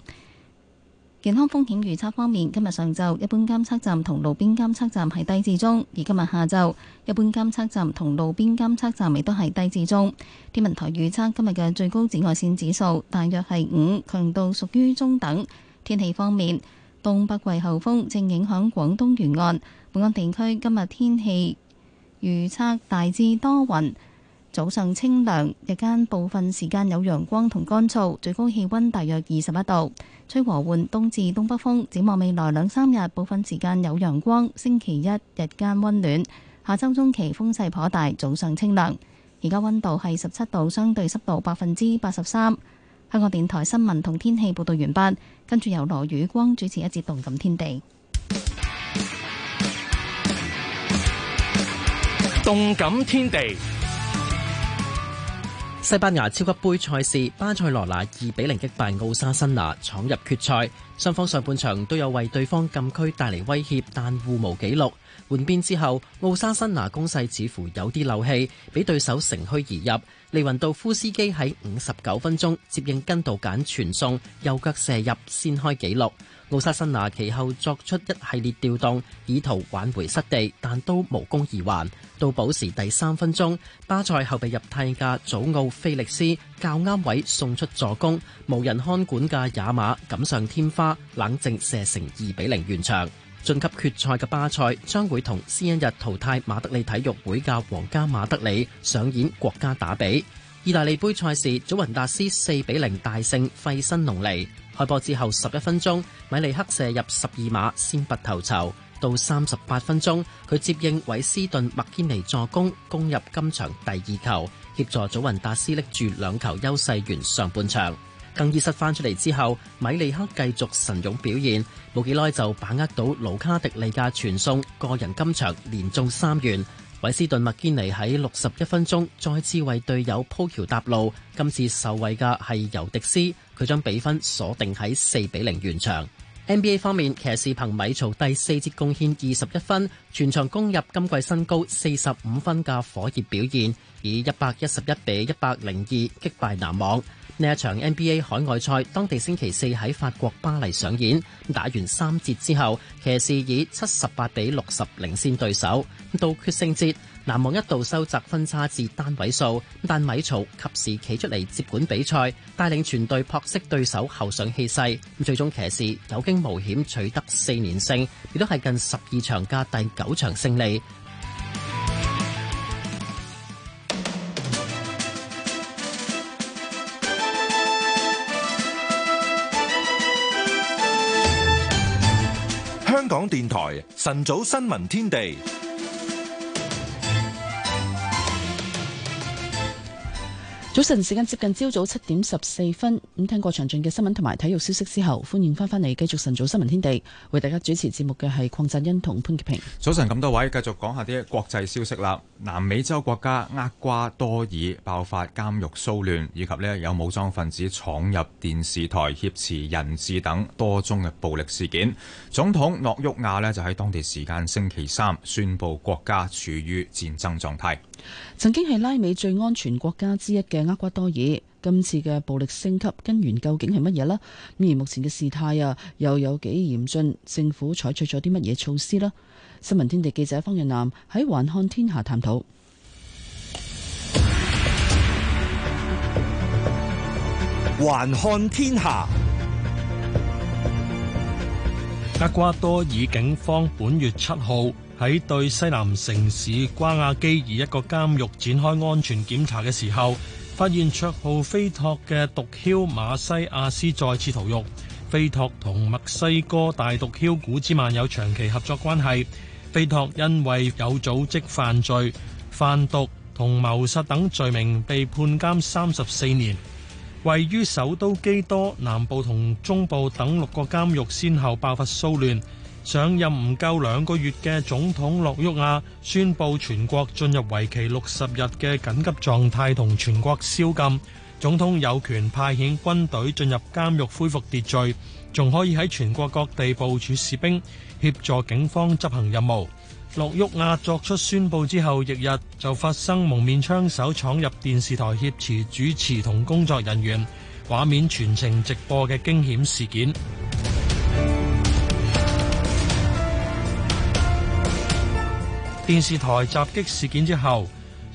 健康風險預測方面，今日上晝一般監測站同路邊監測站係低至中，而今日下晝一般監測站同路邊監測站亦都係低至中。天文台預測今日嘅最高紫外線指數大約係五，強度屬於中等。天氣方面，東北季候風正影響廣東沿岸，本港地區今日天氣預測大致多雲，早上清涼，日間部分時間有陽光同乾燥，最高氣溫大約二十一度。吹和緩，冬至東北風。展望未來兩三日，部分時間有陽光。星期一，日間溫暖。下周中期風勢頗大，早上清涼。而家溫度係十七度，相對濕度百分之八十三。香港電台新聞同天氣報道完畢。跟住由羅宇光主持一節《動感天地》。《動感天地》西班牙超級杯賽事，巴塞羅那二比零擊敗奧沙辛拿，闖入決賽。雙方上半場都有為對方禁區帶嚟威脅，但互無紀錄。換邊之後，奧沙辛拿攻勢似乎有啲漏氣，俾對手乘虛而入。利雲道夫斯基喺五十九分鐘接應根道簡傳送，右腳射入，先開紀錄。奧沙辛拿其後作出一系列調動，以圖挽回失地，但都無功而還。到補時第三分鐘，巴塞後備入替嘅祖奧菲力斯較啱位送出助攻，無人看管嘅亞馬錦上添花，冷靜射成二比零。完場晉級決賽嘅巴塞將會同先一日淘汰馬德里體育會嘅皇家馬德里上演國家打比。意大利杯賽事，祖雲達斯四比零大勝費辛農利。開波之後十一分鐘，米利克射入十二碼先拔頭籌。到三十八分鐘，佢接應韋斯頓麥堅尼助攻攻入今場第二球，協助祖雲達斯拎住兩球優勢完上半場。更衣室翻出嚟之後，米利克繼續神勇表現，冇幾耐就把握到盧卡迪利亞傳送，個人今場連中三元。韋斯頓麥堅尼喺六十一分鐘再次為隊友鋪橋搭路，今次受惠嘅係尤迪斯，佢將比分鎖定喺四比零完場。NBA 方面，騎士憑米曹第四節貢獻二十一分，全場攻入今季新高四十五分嘅火熱表現，以一百一十一比一百零二擊敗籃網。呢一場 NBA 海外賽，當地星期四喺法國巴黎上演。打完三節之後，騎士以七十八比六十領先對手。到決勝節，籃網一度收窄分差至單位數，但米曹及時企出嚟接管比賽，帶領全隊撲熄對手後上氣勢。最終騎士有驚無險取得四連勝，亦都係近十二場嘅第九場勝利。港電台晨早新聞天地。早晨時間接近朝早七點十四分，咁聽過詳盡嘅新聞同埋體育消息之後，歡迎翻翻嚟，繼續晨早新聞天地，為大家主持節目嘅係鄺振英同潘潔平。早晨咁多位，繼續講下啲國際消息啦。南美洲國家厄瓜多爾爆發監獄騷亂，以及呢有武裝分子闖入電視台挾持人質等多宗嘅暴力事件，總統諾沃亞呢，就喺當地時間星期三宣佈國家處於戰爭狀態。曾經係拉美最安全國家之一嘅厄瓜多爾，今次嘅暴力升級根源究竟係乜嘢呢？而目前嘅事態啊，又有幾嚴峻？政府採取咗啲乜嘢措施呢？新聞天地記者方日南喺《環看天下》探討。環看天下，厄瓜多爾警方本月七號喺對西南城市瓜亞基爾一個監獄展開安全檢查嘅時候，發現綽號菲托嘅毒梟馬西亞斯再次逃獄。菲托同墨西哥大毒梟古茲曼有長期合作關係。菲托因為有組織犯罪、販毒同謀殺等罪名被判監三十四年。位於首都基多南部同中部等六個監獄先後爆發騷亂。上任唔夠兩個月嘅總統諾沃亞宣布全國進入為期六十日嘅緊急狀態同全國宵禁，總統有權派遣軍隊進入監獄恢復秩序，仲可以喺全國各地部署士兵協助警方執行任務。諾沃亞作出宣布之後，翌日就發生蒙面槍手闖入電視台挾持主持同工作人員，畫面全程直播嘅驚險事件。電視台襲擊事件之後，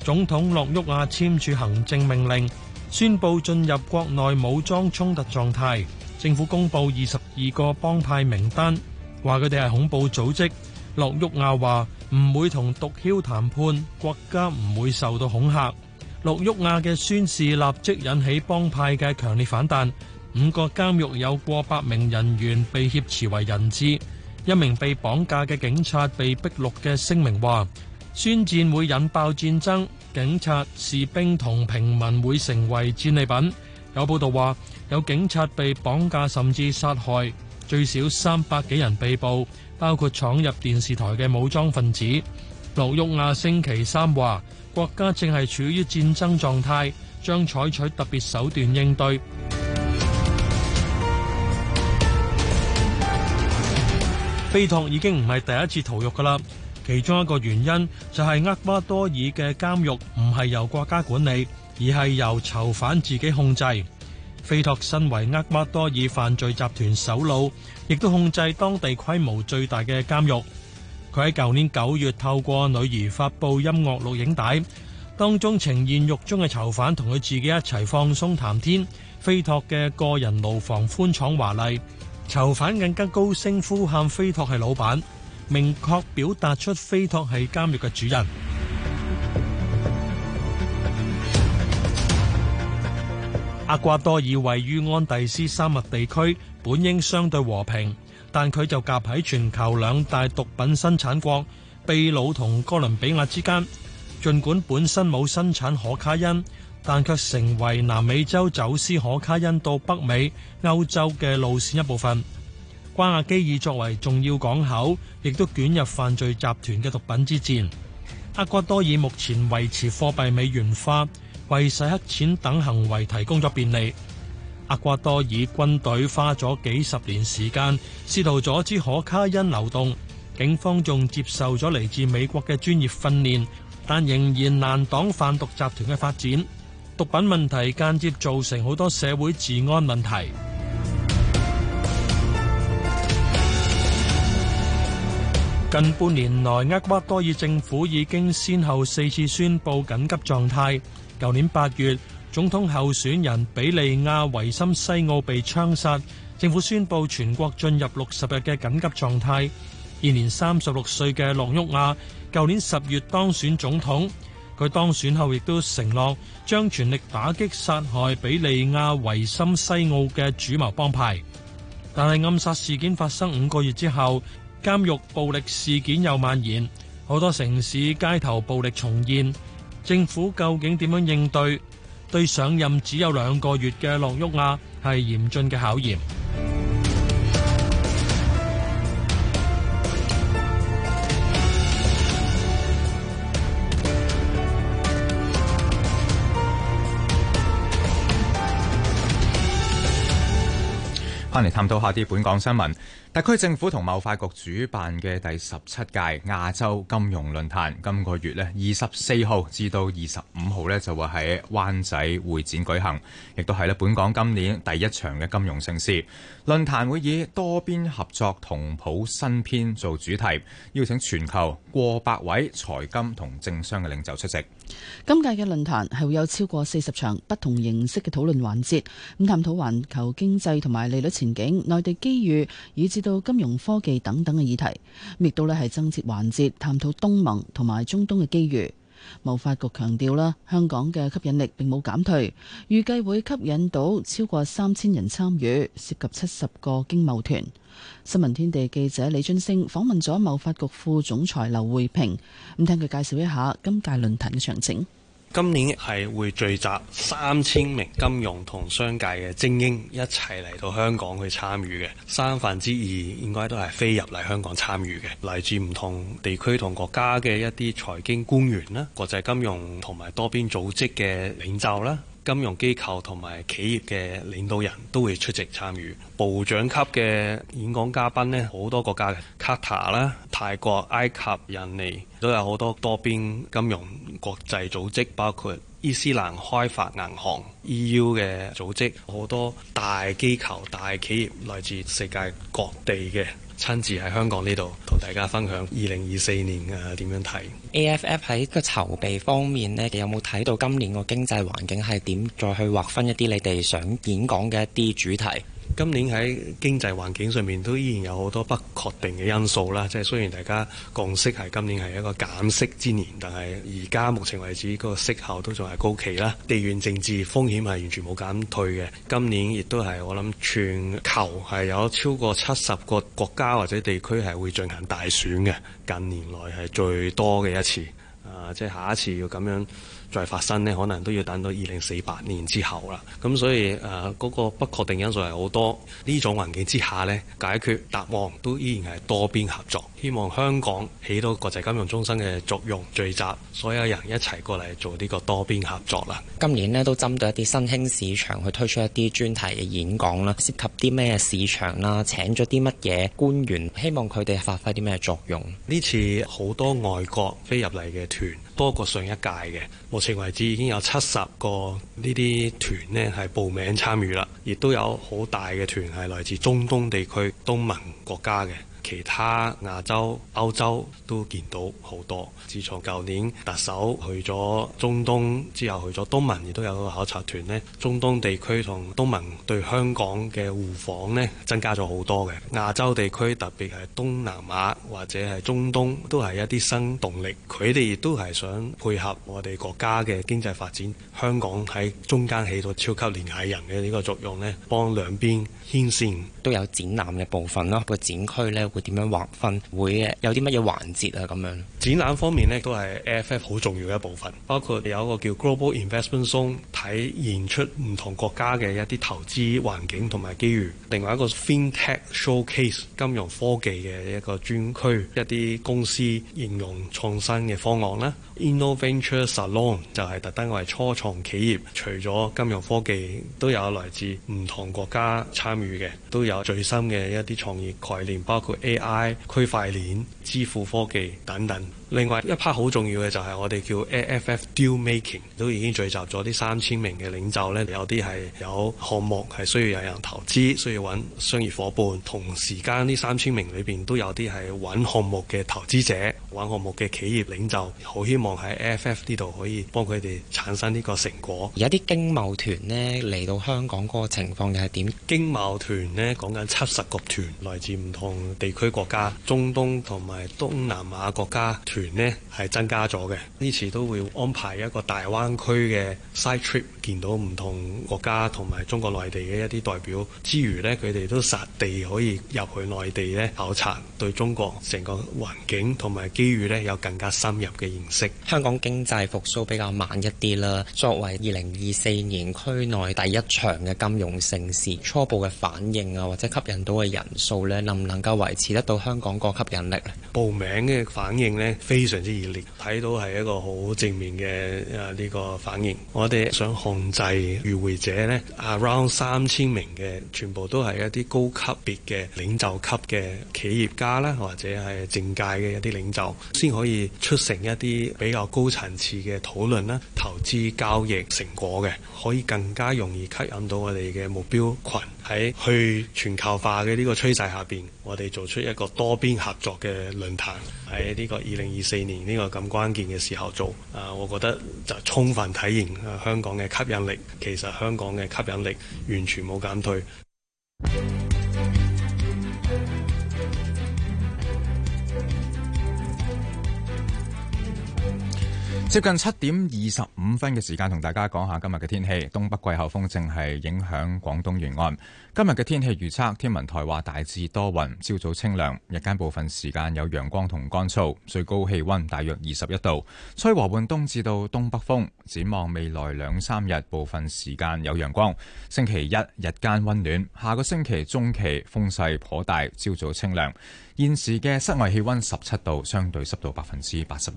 總統諾沃亞簽署行政命令，宣布進入國內武裝衝突狀態。政府公布二十二個幫派名單，話佢哋係恐怖組織。諾沃亞話唔會同毒梟談判，國家唔會受到恐嚇。諾沃亞嘅宣示立即引起幫派嘅強烈反彈。五個監獄有過百名人員被挾持為人質。一名被綁架嘅警察被逼錄嘅聲明話，宣戰會引爆戰爭，警察、士兵同平民會成為戰利品。有報道話，有警察被綁架甚至殺害，最少三百幾人被捕，包括闖入電視台嘅武裝分子。盧沃亞星期三話，國家正係處於戰爭狀態，將採取特別手段應對。菲托已經唔係第一次逃獄噶啦，其中一個原因就係厄瓜多爾嘅監獄唔係由國家管理，而係由囚犯自己控制。菲托身為厄瓜多爾犯罪集團首腦，亦都控制當地規模最大嘅監獄。佢喺舊年九月透過女兒發布音樂錄影帶，當中呈現獄中嘅囚犯同佢自己一齊放鬆談天。菲托嘅個人牢房寬敞華麗。囚犯更加高聲呼喊，菲托係老闆，明確表達出菲托係監獄嘅主人。阿瓜多爾位於安第斯山脈地區，本應相對和平，但佢就夾喺全球兩大毒品生產國秘魯同哥倫比亞之間。儘管本身冇生產可卡因。但卻成為南美洲走私可卡因到北美、歐洲嘅路線一部分。瓜亞基爾作為重要港口，亦都捲入犯罪集團嘅毒品之戰。厄瓜多爾目前維持貨幣美元化，為洗黑錢等行為提供咗便利。厄瓜多爾軍隊花咗幾十年時間試圖阻止可卡因流動，警方仲接受咗嚟自美國嘅專業訓練，但仍然難擋販毒集團嘅發展。毒品問題間接造成好多社會治安問題。近半年來，厄瓜多爾政府已經先後四次宣布緊急狀態。舊年八月，總統候選人比利亞維森西奧被槍殺，政府宣布全國進入六十日嘅緊急狀態。現年三十六歲嘅諾沃亞，舊年十月當選總統。佢當選後亦都承諾將全力打擊殺害比利亞維森西奧嘅主謀幫派，但係暗殺事件發生五個月之後，監獄暴力事件又蔓延，好多城市街頭暴力重現，政府究竟點樣應對？對上任只有兩個月嘅諾沃亞係嚴峻嘅考驗。嚟探討下啲本港新聞。特區政府同貿發局主辦嘅第十七屆亞洲金融論壇，今個月呢二十四號至到二十五號呢，就會喺灣仔會展舉行，亦都係呢本港今年第一場嘅金融盛事。論壇會以多邊合作同譜新篇做主題，邀請全球過百位財金同政商嘅領袖出席。今屆嘅論壇係會有超過四十場不同形式嘅討論環節，咁探討環球經濟同埋利率前景、內地機遇，以至到金融科技等等嘅議題，亦都咧係增設環節，探討東盟同埋中東嘅機遇。貿發局強調啦，香港嘅吸引力並冇減退，預計會吸引到超過三千人參與，涉及七十個經貿團。新聞天地記者李俊升訪問咗貿發局副總裁劉會平，咁聽佢介紹一下今屆論壇嘅詳情。今年係會聚集三千名金融同商界嘅精英一齊嚟到香港去參與嘅，三分之二應該都係飛入嚟香港參與嘅，嚟自唔同地區同國家嘅一啲財經官員啦、國際金融同埋多邊組織嘅領袖啦。金融機構同埋企業嘅領導人都會出席參與，部長級嘅演講嘉賓咧，好多國家嘅卡塔啦、泰國、埃及、印尼都有好多多邊金融國際組織，包括伊斯蘭開發銀行、EU 嘅組織，好多大機構、大企業來自世界各地嘅親自喺香港呢度。大家分享二零二四年啊點樣睇？AFF 喺個籌備方面咧，有冇睇到今年個經濟環境係點，再去劃分一啲你哋想演講嘅一啲主題。今年喺經濟環境上面都依然有好多不確定嘅因素啦，即係雖然大家共識係今年係一個減息之年，但係而家目前為止個息口都仲係高企啦。地緣政治風險係完全冇減退嘅。今年亦都係我諗全球係有超過七十個國家或者地區係會進行大選嘅，近年來係最多嘅一次。啊，即係下一次要咁樣。再發生呢，可能都要等到二零四八年之後啦。咁所以誒，嗰個不確定因素係好多。呢種環境之下呢，解決答案都依然係多邊合作。希望香港起到國際金融中心嘅作用，聚集所有人一齊過嚟做呢個多邊合作啦。今年呢，都針對一啲新興市場去推出一啲專題嘅演講啦，涉及啲咩市場啦，請咗啲乜嘢官員，希望佢哋發揮啲咩作用。呢次好多外國飛入嚟嘅團。多過上一屆嘅，目前為止已經有七十個呢啲團，呢係報名參與啦，亦都有好大嘅團係來自中東地區、東盟國家嘅。其他亞洲、歐洲都見到好多。自從舊年特首去咗中東之後，去咗東盟，亦都有個考察團呢。中東地區同東盟對香港嘅互訪呢，增加咗好多嘅。亞洲地區特別係東南亞或者係中東，都係一啲新動力。佢哋亦都係想配合我哋國家嘅經濟發展，香港喺中間起到超級聯繫人嘅呢個作用呢，幫兩邊。天線都有展覽嘅部分啦，個展區咧會點樣劃分，會有啲乜嘢環節啊咁樣。展覽方面咧，都係 FF 好重要嘅一部分，包括有一個叫 Global Investment Zone，體現出唔同國家嘅一啲投資環境同埋機遇，另外一個 FinTech Showcase 金融科技嘅一個專區，一啲公司應用創新嘅方案啦。Innoventure Salon 就係特登為初創企業，除咗金融科技，都有來自唔同國家參與嘅，都有最新嘅一啲創業概念，包括 AI、區塊鏈、支付科技等等。另外一 part 好重要嘅就係我哋叫 A F F deal making 都已經聚集咗呢三千名嘅領袖咧，有啲係有項目係需要有人投資，需要揾商業伙伴。同時間呢三千名裏邊都有啲係揾項目嘅投資者，揾項目嘅企業領袖，好希望喺 A F F 呢度可以幫佢哋產生呢個成果。而家啲經貿團咧嚟到香港個情況又係點？經貿團咧講緊七十個團來自唔同地區國家，中東同埋東南亞國家。呢係增加咗嘅，呢次都會安排一個大灣區嘅 side trip，見到唔同國家同埋中國內地嘅一啲代表，之餘呢佢哋都實地可以入去內地呢考察，對中國成個環境同埋機遇呢有更加深入嘅認識。香港經濟復甦比較慢一啲啦，作為二零二四年區內第一場嘅金融盛事，初步嘅反應啊，或者吸引到嘅人數呢，能唔能夠維持得到香港個吸引力呢？報名嘅反應呢？非常之熱烈，睇到係一個好正面嘅啊呢、這個反應。我哋想控制與會者呢 a r o u n d 三千名嘅，全部都係一啲高級別嘅領袖級嘅企業家啦，或者係政界嘅一啲領袖，先可以出成一啲比較高層次嘅討論啦、投資交易成果嘅，可以更加容易吸引到我哋嘅目標群。喺去全球化嘅呢個趨勢下邊，我哋做出一個多邊合作嘅論壇，喺呢個二零二四年呢個咁關鍵嘅時候做啊，我覺得就充分體現香港嘅吸引力。其實香港嘅吸引力完全冇減退。接近七點二十五分嘅時間，同大家講下今日嘅天氣。東北季候風正係影響廣東沿岸。今日嘅天氣預測，天文台話大致多雲，朝早清涼，日間部分時間有陽光同乾燥，最高氣溫大約二十一度，吹和緩東至到東北風。展望未來兩三日部分時間有陽光，星期一日間溫暖。下個星期中期風勢頗大，朝早清涼。現時嘅室外氣溫十七度，相對濕度百分之八十二。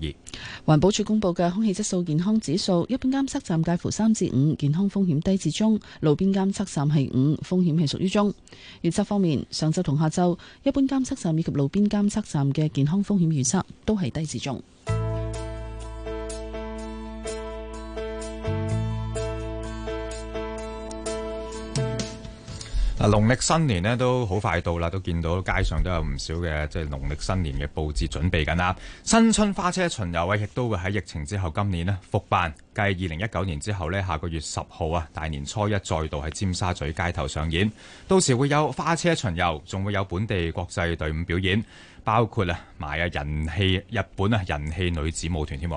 環保署公布嘅空氣質素健康指數，一般監測站介乎三至五，健康風險低至中；路邊監測站係五，風險屬於中。預測方面，上晝同下晝一般監測站以及路邊監測站嘅健康風險預測都係低至中。啊！農曆新年呢都好快到啦，都見到街上都有唔少嘅即係農曆新年嘅布置準備緊啦。新春花車巡遊啊，亦都會喺疫情之後今年呢復辦，繼二零一九年之後呢，下個月十號啊大年初一再度喺尖沙咀街頭上演。到時會有花車巡遊，仲會有本地國際隊伍表演，包括啊埋啊人氣日本啊人氣女子舞團添。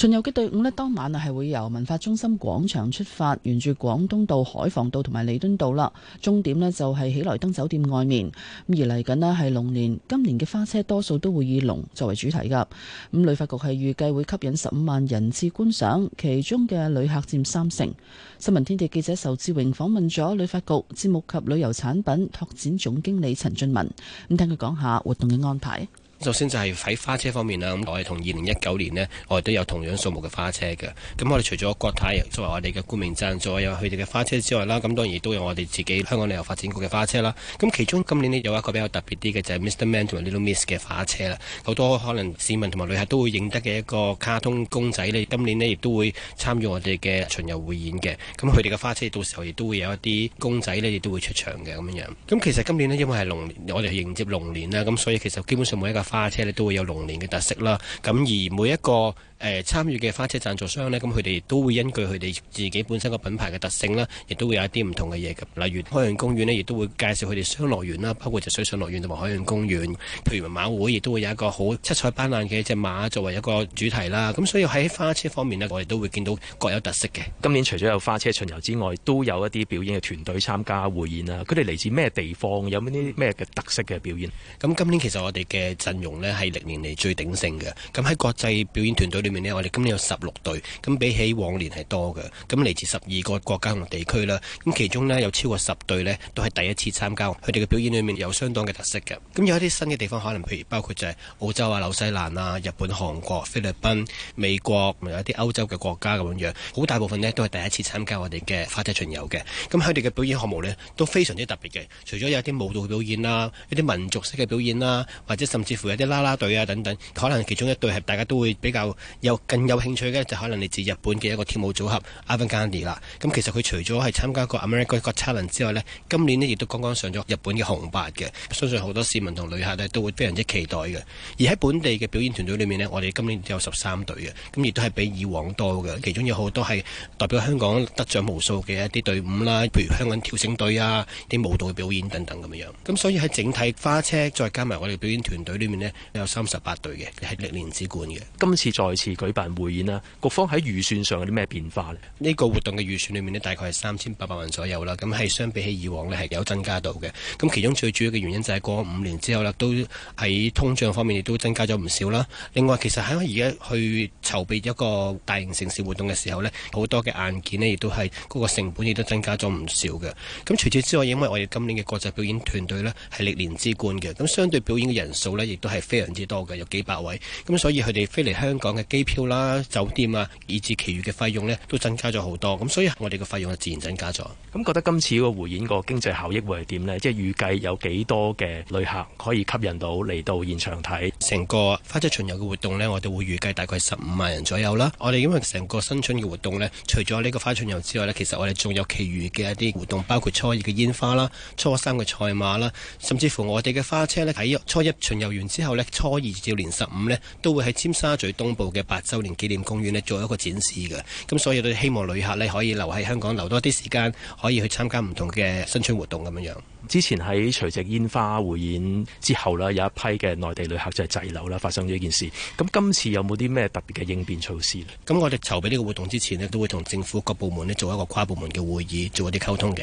巡遊嘅隊伍咧，當晚啊係會由文化中心廣場出發，沿住廣東道、海防道同埋彌敦道啦，終點呢，就係喜來登酒店外面。咁而嚟緊呢，係龍年，今年嘅花車多數都會以龍作為主題㗎。咁旅發局係預計會吸引十五萬人次觀賞，其中嘅旅客佔三成。新聞天地記者仇志榮訪問咗旅發局節目及旅遊產品拓展總經理陳俊文，咁聽佢講下活動嘅安排。首先就係喺花車方面啦，咁我哋同二零一九年呢，我哋都有同樣數目嘅花車嘅。咁我哋除咗國泰作為我哋嘅冠名贊助，有佢哋嘅花車之外啦，咁當然亦都有我哋自己香港旅遊發展局嘅花車啦。咁其中今年呢，有一個比較特別啲嘅就係 Mr. Man 同埋 Little Miss 嘅花車啦，好多可能市民同埋旅客都會認得嘅一個卡通公仔呢，今年呢，亦都會參與我哋嘅巡遊匯演嘅。咁佢哋嘅花車到時候亦都會有一啲公仔呢，亦都會出場嘅咁樣樣。咁其實今年呢，因為係龍，我哋迎接龍年啦，咁所以其實基本上每一個花車呢都會有龍年嘅特色啦，咁而每一個誒、呃、參與嘅花車贊助商呢，咁佢哋都會根據佢哋自己本身個品牌嘅特性啦，亦都會有一啲唔同嘅嘢。咁例如海洋公園呢，亦都會介紹佢哋雙樂園啦，包括就水上樂園同埋海洋公園。譬如馬會亦都會有一個好七彩斑斕嘅一隻馬作為一個主題啦。咁所以喺花車方面呢，我哋都會見到各有特色嘅。今年除咗有花車巡遊之外，都有一啲表演嘅團隊參加匯演啦。佢哋嚟自咩地方？有啲咩嘅特色嘅表演？咁今年其實我哋嘅容呢係歷年嚟最鼎盛嘅，咁喺國際表演團隊裏面呢，我哋今年有十六隊，咁比起往年係多嘅，咁嚟自十二個國家同地區啦，咁其中呢，有超過十隊呢都係第一次參加，佢哋嘅表演裏面有相當嘅特色嘅，咁有一啲新嘅地方，可能譬如包括就係澳洲啊、紐西蘭啊、日本、韓國、菲律賓、美國，咪有一啲歐洲嘅國家咁樣，好大部分呢都係第一次參加我哋嘅花車巡遊嘅，咁佢哋嘅表演項目呢都非常之特別嘅，除咗有啲舞蹈表演啦、有一啲民族式嘅表演啦，或者甚至乎，有啲啦啦隊啊等等，可能其中一隊係大家都會比較有更有興趣嘅，就可能嚟自日本嘅一個跳舞組合 Avantgardey 啦。咁其實佢除咗係參加過 American 嗰個 challenge 之外呢，今年呢亦都剛剛上咗日本嘅紅白嘅，相信好多市民同旅客呢都會非常之期待嘅。而喺本地嘅表演團隊裏面呢，我哋今年都有十三隊嘅，咁亦都係比以往多嘅。其中有好多係代表香港得獎無數嘅一啲隊伍啦，譬如香港跳繩隊啊、啲舞蹈嘅表演等等咁嘅樣。咁所以喺整體花車再加埋我哋表演團隊裏面。咧有三十八隊嘅，係歷年之冠嘅。今次再次舉辦匯演啦，局方喺預算上有啲咩變化咧？呢個活動嘅預算裏面呢，大概係三千八百萬左右啦。咁係相比起以往呢，係有增加到嘅。咁其中最主要嘅原因就係過五年之後啦，都喺通脹方面亦都增加咗唔少啦。另外，其實喺而家去籌備一個大型城市活動嘅時候呢，好多嘅硬件呢，亦都係嗰個成本亦都增加咗唔少嘅。咁除此之外，因為我哋今年嘅國際表演團隊呢，係歷年之冠嘅，咁相對表演嘅人數呢，亦都。係非常之多嘅，有幾百位。咁所以佢哋飛嚟香港嘅機票啦、酒店啊，以至其餘嘅費用呢，都增加咗好多。咁所以我哋嘅費用自然增加咗。咁覺得今次個回演個經濟效益會係點呢？即係預計有幾多嘅旅客可以吸引到嚟到現場睇成個花車巡遊嘅活動呢？我哋會預計大概十五萬人左右啦。我哋因為成個新春嘅活動呢，除咗呢個花車巡遊之外呢，其實我哋仲有其餘嘅一啲活動，包括初二嘅煙花啦、初三嘅賽馬啦，甚至乎我哋嘅花車呢，喺初一巡遊完。之後呢，初二至年十五呢，都會喺尖沙咀東部嘅八周年紀念公園呢做一個展示嘅。咁、嗯、所以都希望旅客呢可以留喺香港，留多啲時間，可以去參加唔同嘅新春活動咁樣樣。之前喺除夕煙花匯演之後啦，有一批嘅內地旅客就係滯留啦，發生咗一件事。咁、嗯、今次有冇啲咩特別嘅應變措施咧？咁我哋籌備呢個活動之前呢，都會同政府各部門呢做一個跨部門嘅會議，做一啲溝通嘅。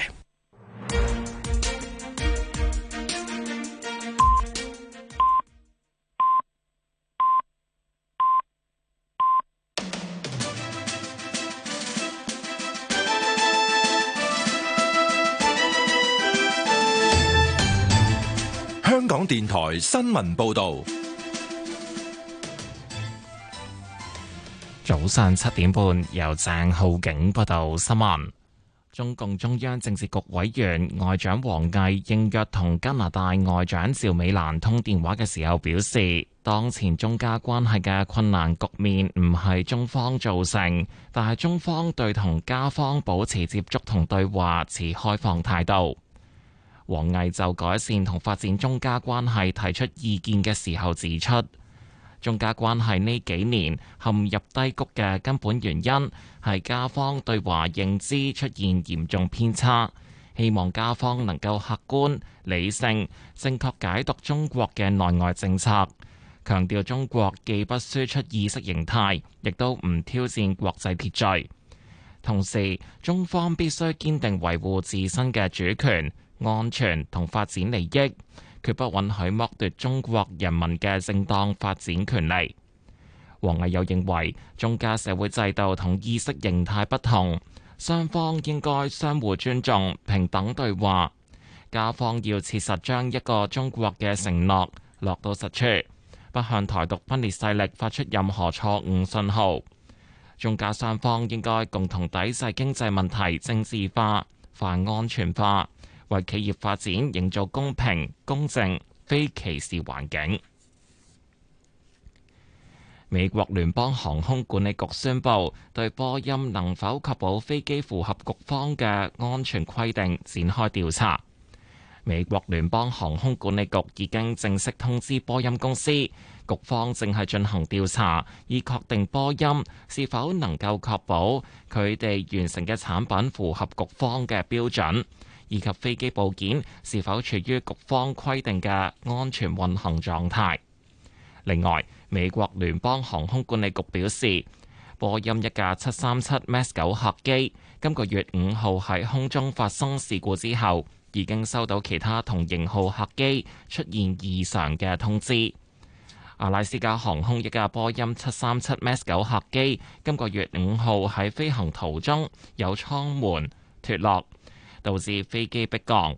香港電台新聞報道，早上七點半由鄭浩景報道新聞。中共中央政治局委員外長王毅，應約同加拿大外長趙美蘭通電話嘅時候表示，當前中加關係嘅困難局面唔係中方造成，但係中方對同加方保持接觸同對話持開放態度。王毅就改善同發展中加關係提出意見嘅時候指出，中加關係呢幾年陷入低谷嘅根本原因係加方對華認知出現嚴重偏差。希望加方能夠客觀、理性、正確解讀中國嘅內外政策，強調中國既不輸出意識形態，亦都唔挑戰國際秩序。同時，中方必須堅定維護自身嘅主權。安全同發展利益，絕不允許剝奪中國人民嘅正當發展權利。王毅又認為，中加社會制度同意識形態不同，雙方應該相互尊重、平等對話。加方要切實將一個中國嘅承諾落到實處，不向台獨分裂勢力發出任何錯誤信號。中加雙方應該共同抵制經濟問題政治化、泛安全化。為企業發展營造公平、公正、非歧視環境。美國聯邦航空管理局宣布對波音能否確保飛機符合局方嘅安全規定展開調查。美國聯邦航空管理局已經正式通知波音公司，局方正係進行調查，以確定波音是否能夠確保佢哋完成嘅產品符合局方嘅標準，以及飛機部件是否處於局方規定嘅安全運行狀態。另外，美國聯邦航空管理局表示，波音一架七三七 MAX 九客機今個月五號喺空中發生事故之後，已經收到其他同型號客機出現異常嘅通知。阿拉斯加航空一架波音七三七 MAX 九客機今個月五號喺飛行途中有艙門脱落。導致飛機迫降，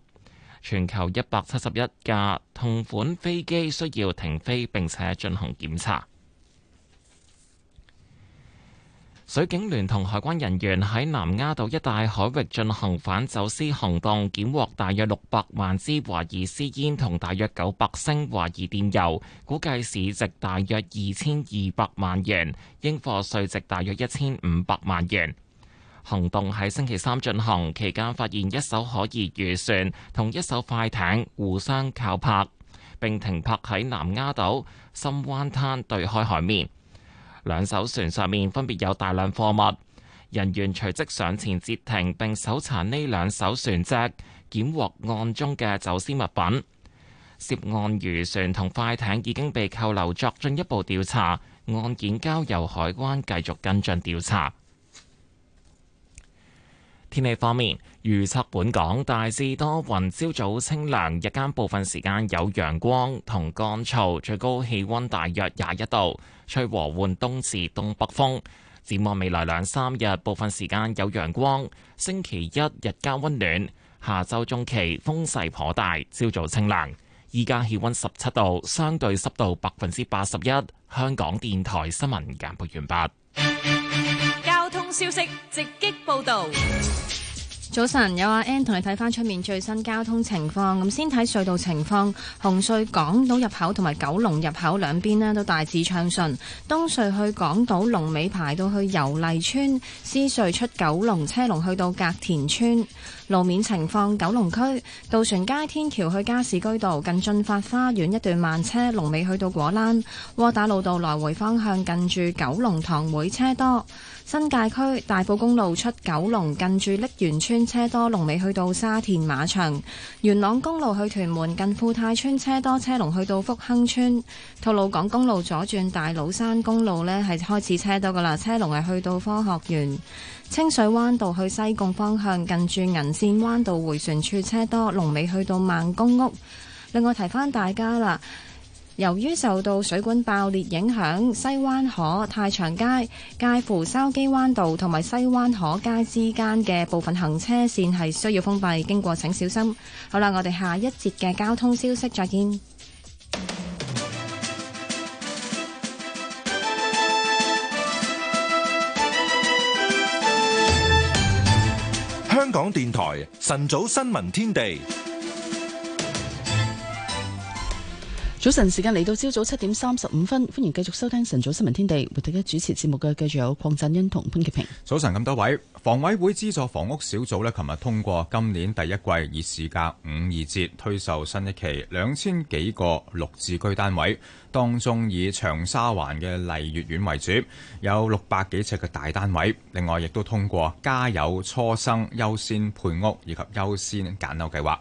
全球一百七十一架同款飛機需要停飛並且進行檢查。水警聯同海關人員喺南丫島一帶海域進行反走私行動，檢獲大約六百萬支懷疑私煙同大約九百升懷疑電油，估計市值大約二千二百萬元，應課稅值大約一千五百萬元。行動喺星期三進行，期間發現一艘可疑漁船同一艘快艇互相靠泊，並停泊喺南丫島深灣灘對開海面。兩艘船上面分別有大量貨物，人員隨即上前截停並搜查呢兩艘船隻，檢獲案中嘅走私物品。涉案漁船同快艇已經被扣留作進一步調查，案件交由海關繼續跟進調查。天氣方面，預測本港大致多雲，朝早清涼，日間部分時間有陽光同乾燥，最高氣溫大約廿一度，吹和緩東至東北風。展望未來兩三日，部分時間有陽光，星期一日間溫暖。下周中期風勢頗大，朝早清涼。依家氣溫十七度，相對濕度百分之八十一。香港電台新聞簡報完畢。消息直擊報道。早晨，有阿 N 同你睇翻出面最新交通情況。咁先睇隧道情況，紅隧港島入口同埋九龍入口兩邊咧都大致暢順。東隧去港島龍尾排到去油麗村，獅隧出九龍車龍去到隔田村。路面情況，九龍區渡船街天橋去加士居道近駿發花園一段慢車，龍尾去到果欄。窩打老道來回方向近住九龍塘會車多。新界區大埔公路出九龍近住瀝源村車多，龍尾去到沙田馬場，元朗公路去屯門近富泰村車多，車龍去到福亨村，吐露港公路左轉大老山公路呢係開始車多㗎喇，車龍係去到科學園，清水灣道去西貢方向近住銀線灣道回旋處車多，龍尾去到孟公屋。另外提返大家啦。由於受到水管爆裂影響，西灣河太長街介乎筲箕灣道同埋西灣河街之間嘅部分行車線係需要封閉，經過請小心。好啦，我哋下一節嘅交通消息，再見。香港電台晨早新聞天地。早晨，時間嚟到朝早七點三十五分，歡迎繼續收聽晨早新聞天地。我哋嘅主持節目嘅繼續有鄺振恩同潘潔平。早晨，咁多位，房委會資助房屋小組呢，琴日通過今年第一季以市價五二折推售新一期兩千幾個綠置居單位。當中以長沙灣嘅麗月苑為主，有六百幾尺嘅大單位。另外，亦都通過家有初生優先配屋以及優先揀樓計劃。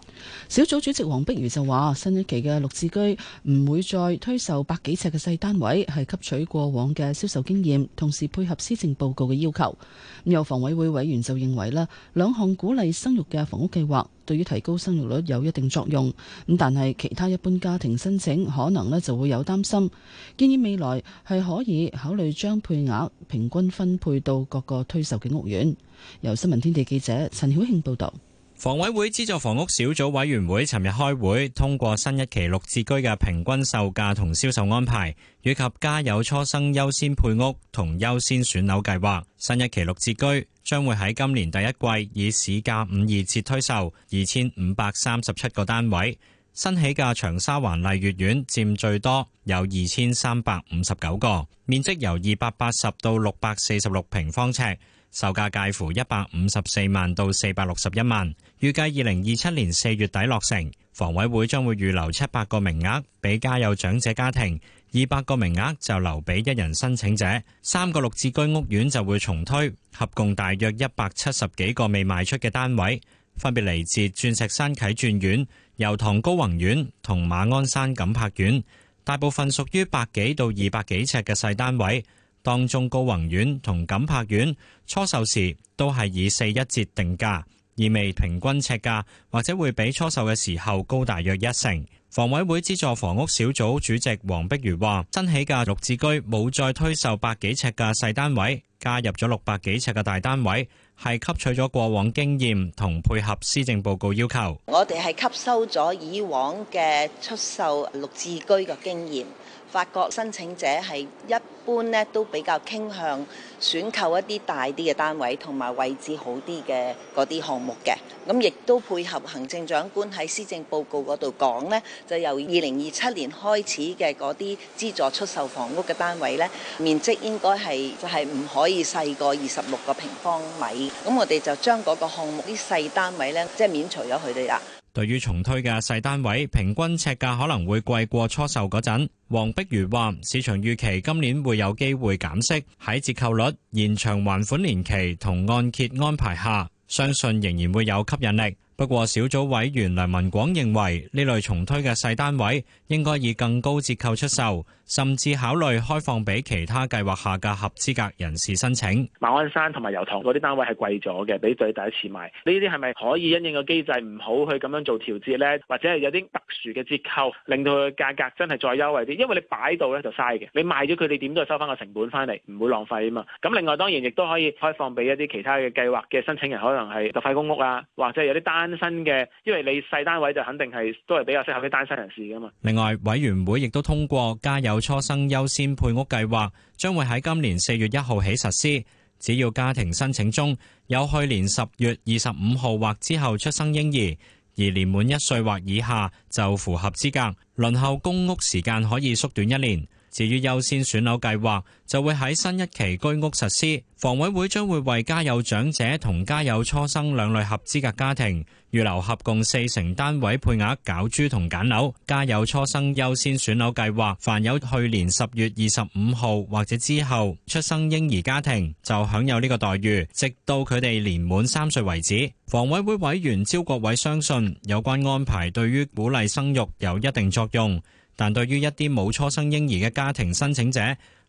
小組主席黃碧如就話：新一期嘅綠置居唔會再推售百幾尺嘅細單位，係吸取過往嘅銷售經驗，同時配合施政報告嘅要求。有房委會委員就認為啦，兩項鼓勵生育嘅房屋計劃。對於提高生育率有一定作用，咁但係其他一般家庭申請可能咧就會有擔心，建議未來係可以考慮將配額平均分配到各個推售嘅屋苑。由新聞天地記者陳曉慶報道，房委會資助房屋小組委員會尋日開會，通過新一期綠置居嘅平均售價同銷售安排，以及家有初生優先配屋同優先選樓計劃。新一期綠置居。將會喺今年第一季以市價五二折推售二千五百三十七個單位，新起嘅長沙灣麗玥苑佔最多，有二千三百五十九個，面積由二百八十到六百四十六平方尺，售價介乎一百五十四萬到四百六十一萬，預計二零二七年四月底落成，房委會將會預留七百個名額俾家有長者家庭。二百個名額就留俾一人申請者，三個六字居屋苑就會重推，合共大約一百七十幾個未賣出嘅單位，分別嚟自鑽石山啟鑽苑、油塘高宏苑同馬鞍山錦柏苑，大部分屬於百幾到二百幾尺嘅細單位，當中高宏苑同錦柏苑初售時都係以四一折定價，意味平均尺價或者會比初售嘅時候高大約一成。房委會資助房屋小組主席黃碧如話：新起嘅綠置居冇再推售百幾尺嘅細單位，加入咗六百幾尺嘅大單位，係吸取咗過往經驗同配合施政報告要求。我哋係吸收咗以往嘅出售綠置居嘅經驗。發覺申請者係一般咧，都比較傾向選購一啲大啲嘅單位，同埋位置好啲嘅嗰啲項目嘅。咁亦都配合行政長官喺施政報告嗰度講呢，就由二零二七年開始嘅嗰啲資助出售房屋嘅單位呢，面積應該係就係、是、唔可以細過二十六個平方米。咁我哋就將嗰個項目啲細單位呢，即、就、係、是、免除咗佢哋啦。對於重推嘅細單位，平均尺價可能會貴過初售嗰陣。黃碧如話：市場預期今年會有機會減息，喺折扣率、延長還款年期同按揭安排下，相信仍然會有吸引力。不過，小組委員梁文廣認為呢類重推嘅細單位應該以更高折扣出售，甚至考慮開放俾其他計劃下嘅合資格人士申請。馬鞍山同埋油塘嗰啲單位係貴咗嘅，比對第一次賣呢啲係咪可以因應個機制，唔好去咁樣做調節呢？或者係有啲特殊嘅折扣，令到佢價格真係再優惠啲？因為你擺到呢就嘥嘅，你賣咗佢哋，點都係收翻個成本翻嚟，唔會浪費啊嘛。咁另外當然亦都可以開放俾一啲其他嘅計劃嘅申請人，可能係特快公屋啊，或者有啲單單身嘅，因為你細單位就肯定係都係比較適合啲單身人士㗎嘛。另外，委員會亦都通過家有初生優先配屋計劃，將會喺今年四月一號起實施。只要家庭申請中有去年十月二十五號或之後出生嬰兒，而年滿一歲或以下就符合資格，輪候公屋時間可以縮短一年。至於優先選樓計劃，就會喺新一期居屋實施。房委會將會為家有長者同家有初生兩類合資格家庭預留合共四成單位配額，攪珠同揀樓。家有初生優先選樓計劃，凡有去年十月二十五號或者之後出生嬰兒家庭，就享有呢個待遇，直到佢哋年滿三歲為止。房委會委員招國偉相信，有關安排對於鼓勵生育有一定作用。但對於一啲冇初生嬰兒嘅家庭申請者，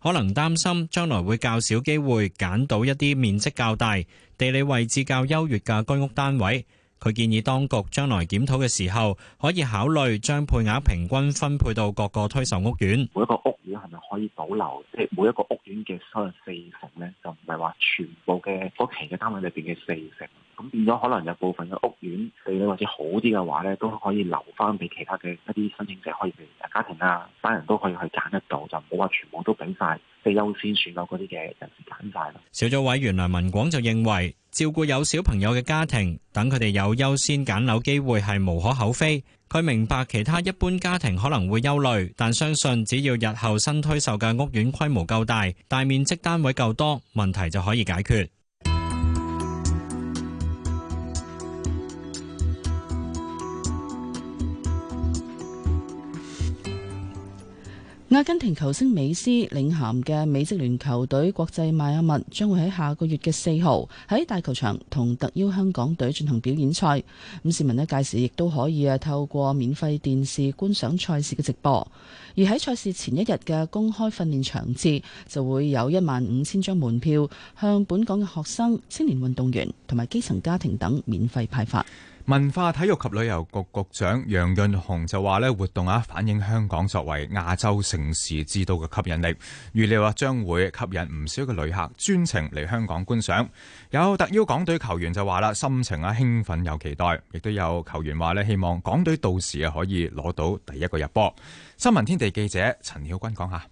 可能擔心將來會較少機會揀到一啲面積較大、地理位置較優越嘅居屋單位。佢建議當局將來檢討嘅時候，可以考慮將配額平均分配到各個推售屋苑。每一個屋苑係咪可以保留？即係每一個屋苑嘅收四成呢，就唔係話全部嘅嗰期嘅單位裏邊嘅四成。咁變咗，可能有部分嘅屋苑地理或者好啲嘅話咧，都可以留翻俾其他嘅一啲申請者，可以譬如家庭啊、單人都可以去揀得到，就唔好話全部都俾曬即係，優先選樓嗰啲嘅，就揀晒啦。小組委員梁文廣就認為照顧有小朋友嘅家庭，等佢哋有優先揀樓機會，係無可厚非。佢明白其他一般家庭可能會憂慮，但相信只要日後新推售嘅屋苑規模夠大，大面積單位夠多，問題就可以解決。阿根廷球星美斯領銜嘅美職聯球隊國際邁阿密將會喺下個月嘅四號喺大球場同特邀香港隊進行表演賽。咁市民呢，屆時亦都可以啊透過免費電視觀賞賽事嘅直播。而喺賽事前一日嘅公開訓練場次，就會有一萬五千張門票向本港嘅學生、青年運動員同埋基層家庭等免費派發。文化、體育及旅遊局局長楊潤雄就話咧：活動啊，反映香港作為亞洲城市之都嘅吸引力，預料啊將會吸引唔少嘅旅客專程嚟香港觀賞。有特邀港隊球員就話啦，心情啊興奮又期待，亦都有球員話咧，希望港隊到時啊可以攞到第一個入波。新聞天地記者陳曉君講下。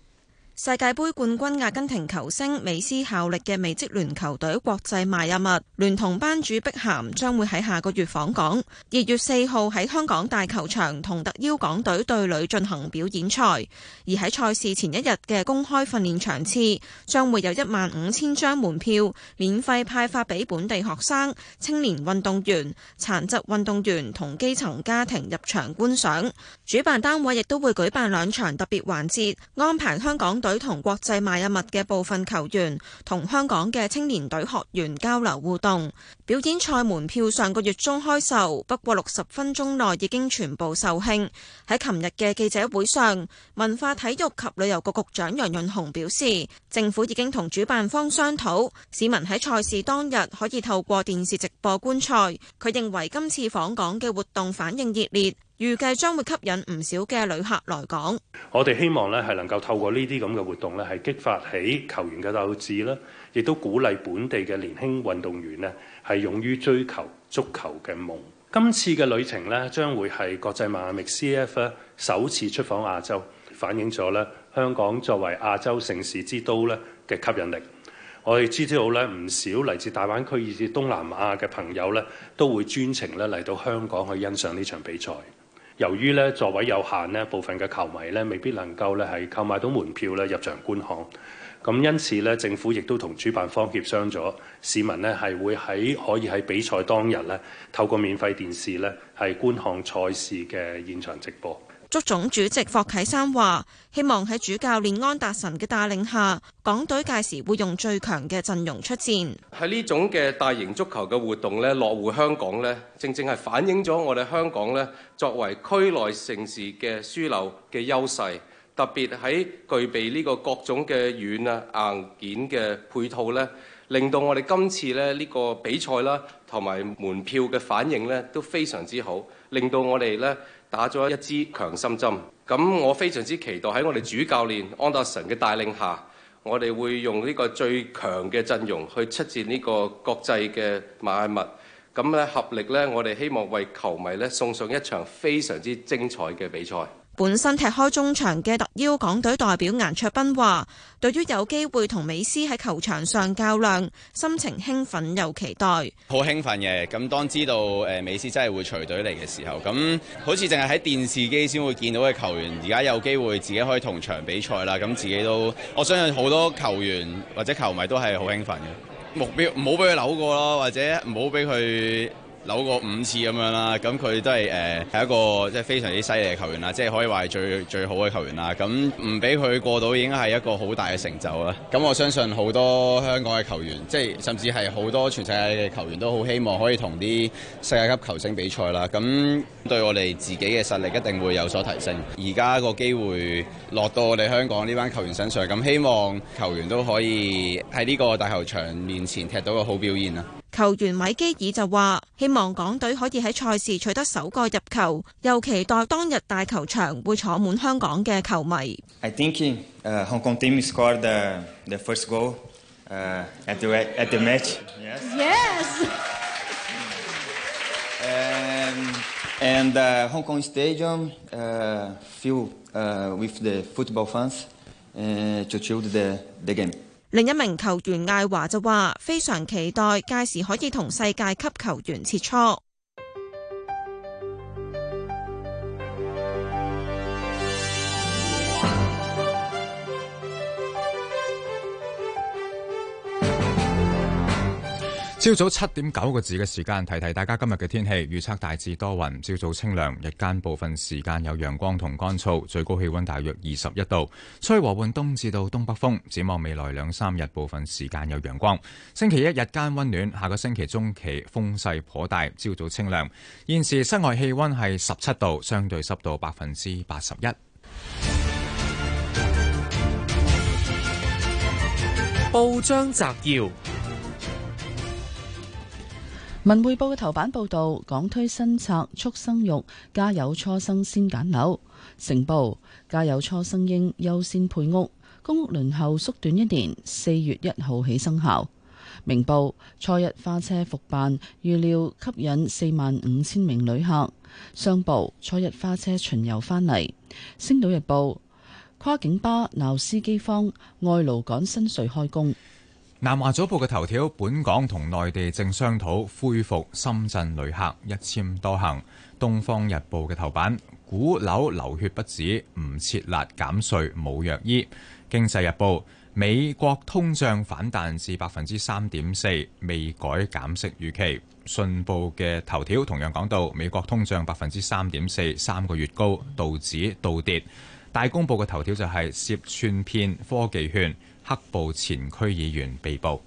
世界杯冠軍阿根廷球星美斯效力嘅美職聯球隊國際邁阿密，聯同班主碧咸將會喺下個月訪港。二月四號喺香港大球場同特邀港隊對壘進行表演賽，而喺賽事前一日嘅公開訓練場次，將會有一萬五千張門票免費派發俾本地學生、青年運動員、殘疾運動員同基層家庭入場觀賞。主辦單位亦都會舉辦兩場特別環節，安排香港。隊同國際邁阿密嘅部分球員同香港嘅青年隊學員交流互動，表演賽門票上個月中開售，不過六十分鐘內已經全部售罄。喺琴日嘅記者會上，文化體育及旅遊局局長楊潤雄表示，政府已經同主辦方商討，市民喺賽事當日可以透過電視直播觀賽。佢認為今次訪港嘅活動反應熱烈。預計將會吸引唔少嘅旅客來港。我哋希望咧係能夠透過呢啲咁嘅活動咧，係激發起球員嘅鬥志啦，亦都鼓勵本地嘅年輕運動員咧係勇於追求足球嘅夢。今次嘅旅程咧，將會係國際邁阿密 CF 首次出訪亞洲，反映咗咧香港作為亞洲城市之都咧嘅吸引力。我哋知道咧唔少嚟自大灣區以至東南亞嘅朋友咧，都會專程咧嚟到香港去欣賞呢場比賽。由於呢座位有限呢，部分嘅球迷呢未必能夠呢係購買到門票呢入場觀看，咁因此呢政府亦都同主辦方協商咗，市民呢係會喺可以喺比賽當日呢透過免費電視呢係觀看賽事嘅現場直播。足總主席霍啟山話，希望喺主教練安達臣嘅帶領下，港隊屆時會用最強嘅陣容出戰。喺呢種嘅大型足球嘅活動咧，落戶香港咧，正正係反映咗我哋香港咧作為區內城市嘅樞紐嘅優勢，特別喺具備呢個各種嘅軟啊硬件嘅配套咧，令到我哋今次咧呢個比賽啦，同埋門票嘅反應咧都非常之好，令到我哋咧。打咗一支強心針，咁我非常之期待喺我哋主教練安達臣嘅帶領下，我哋會用呢個最強嘅陣容去出戰呢個國際嘅邁阿密，咁合力呢，我哋希望為球迷送上一場非常之精彩嘅比賽。本身踢開中場嘅特邀港隊代表顏卓彬話，對於有機會同美斯喺球場上較量，心情興奮又期待。好興奮嘅，咁當知道誒美斯真係會隨隊嚟嘅時候，咁好似淨係喺電視機先會見到嘅球員，而家有機會自己可以同場比賽啦，咁自己都，我相信好多球員或者球迷都係好興奮嘅。目標唔好俾佢扭過咯，或者唔好俾佢扭過五次咁樣啦，咁佢都係誒係一個即係非常之犀利嘅球員啦，即係可以話係最最好嘅球員啦。咁唔俾佢過到已經係一個好大嘅成就啦。咁我相信好多香港嘅球員，即係甚至係好多全世界嘅球員都好希望可以同啲世界級球星比賽啦。咁對我哋自己嘅實力一定會有所提升。而家個機會落到我哋香港呢班球員身上，咁希望球員都可以喺呢個大球場面前踢到個好表現啦。球員米基爾就話，希望港隊可以喺賽事取得首個入球，又期待當日大球場會坐滿香港嘅球迷。另一名球員艾華就話，非常期待屆時可以同世界級球員切磋。朝早七點九個字嘅時間，提提大家今日嘅天氣預測大致多雲，朝早清涼，日間部分時間有陽光同乾燥，最高氣溫大約二十一度，吹和緩東至到東北風，展望未來兩三日部分時間有陽光。星期一日間溫暖，下個星期中期風勢頗大，朝早清涼。現時室外氣溫係十七度，相對濕度百分之八十一。報章摘要。文匯報嘅頭版報道：港推新策促生育，家有初生先揀樓；成報家有初生嬰優先配屋，公屋輪候縮短一年，四月一號起生效。明報初一花車復辦，預料吸引四萬五千名旅客。商報初一花車巡遊返嚟。星島日報跨境巴鬧司機荒，外勞趕新稅開工。南華早報嘅頭條：本港同內地正商討恢復深圳旅客一簽多行。東方日報嘅頭版：股樓流血不止，唔設立減稅冇藥醫。經濟日報：美國通脹反彈至百分之三點四，未改減息預期。信報嘅頭條同樣講到美國通脹百分之三點四，三個月高，道指倒跌。大公報嘅頭條就係、是、涉串騙科技券。黑暴前區議員被捕。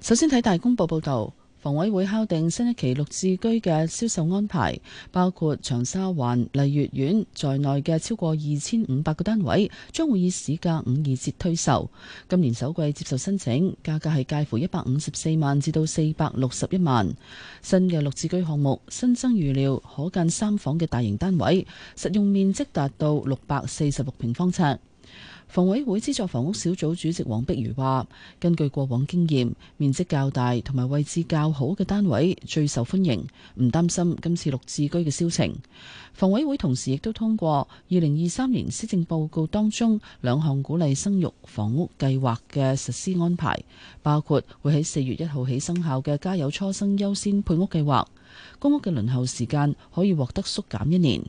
首先睇大公報報導，房委會敲定新一期六字居嘅銷售安排，包括長沙灣麗月苑在內嘅超過二千五百個單位，將會以市價五二折推售。今年首季接受申請，價格係介乎一百五十四萬至到四百六十一萬。新嘅六字居項目新增預料可間三房嘅大型單位，實用面積達到六百四十六平方尺。房委會資助房屋小組主席黃碧如話，根據過往經驗，面積較大同埋位置較好嘅單位最受歡迎，唔擔心今次綠置居嘅銷情。房委會同時亦都通過二零二三年施政報告當中兩項鼓勵生育房屋計劃嘅實施安排，包括會喺四月一號起生效嘅家有初生優先配屋計劃，公屋嘅輪候時間可以獲得縮減一年。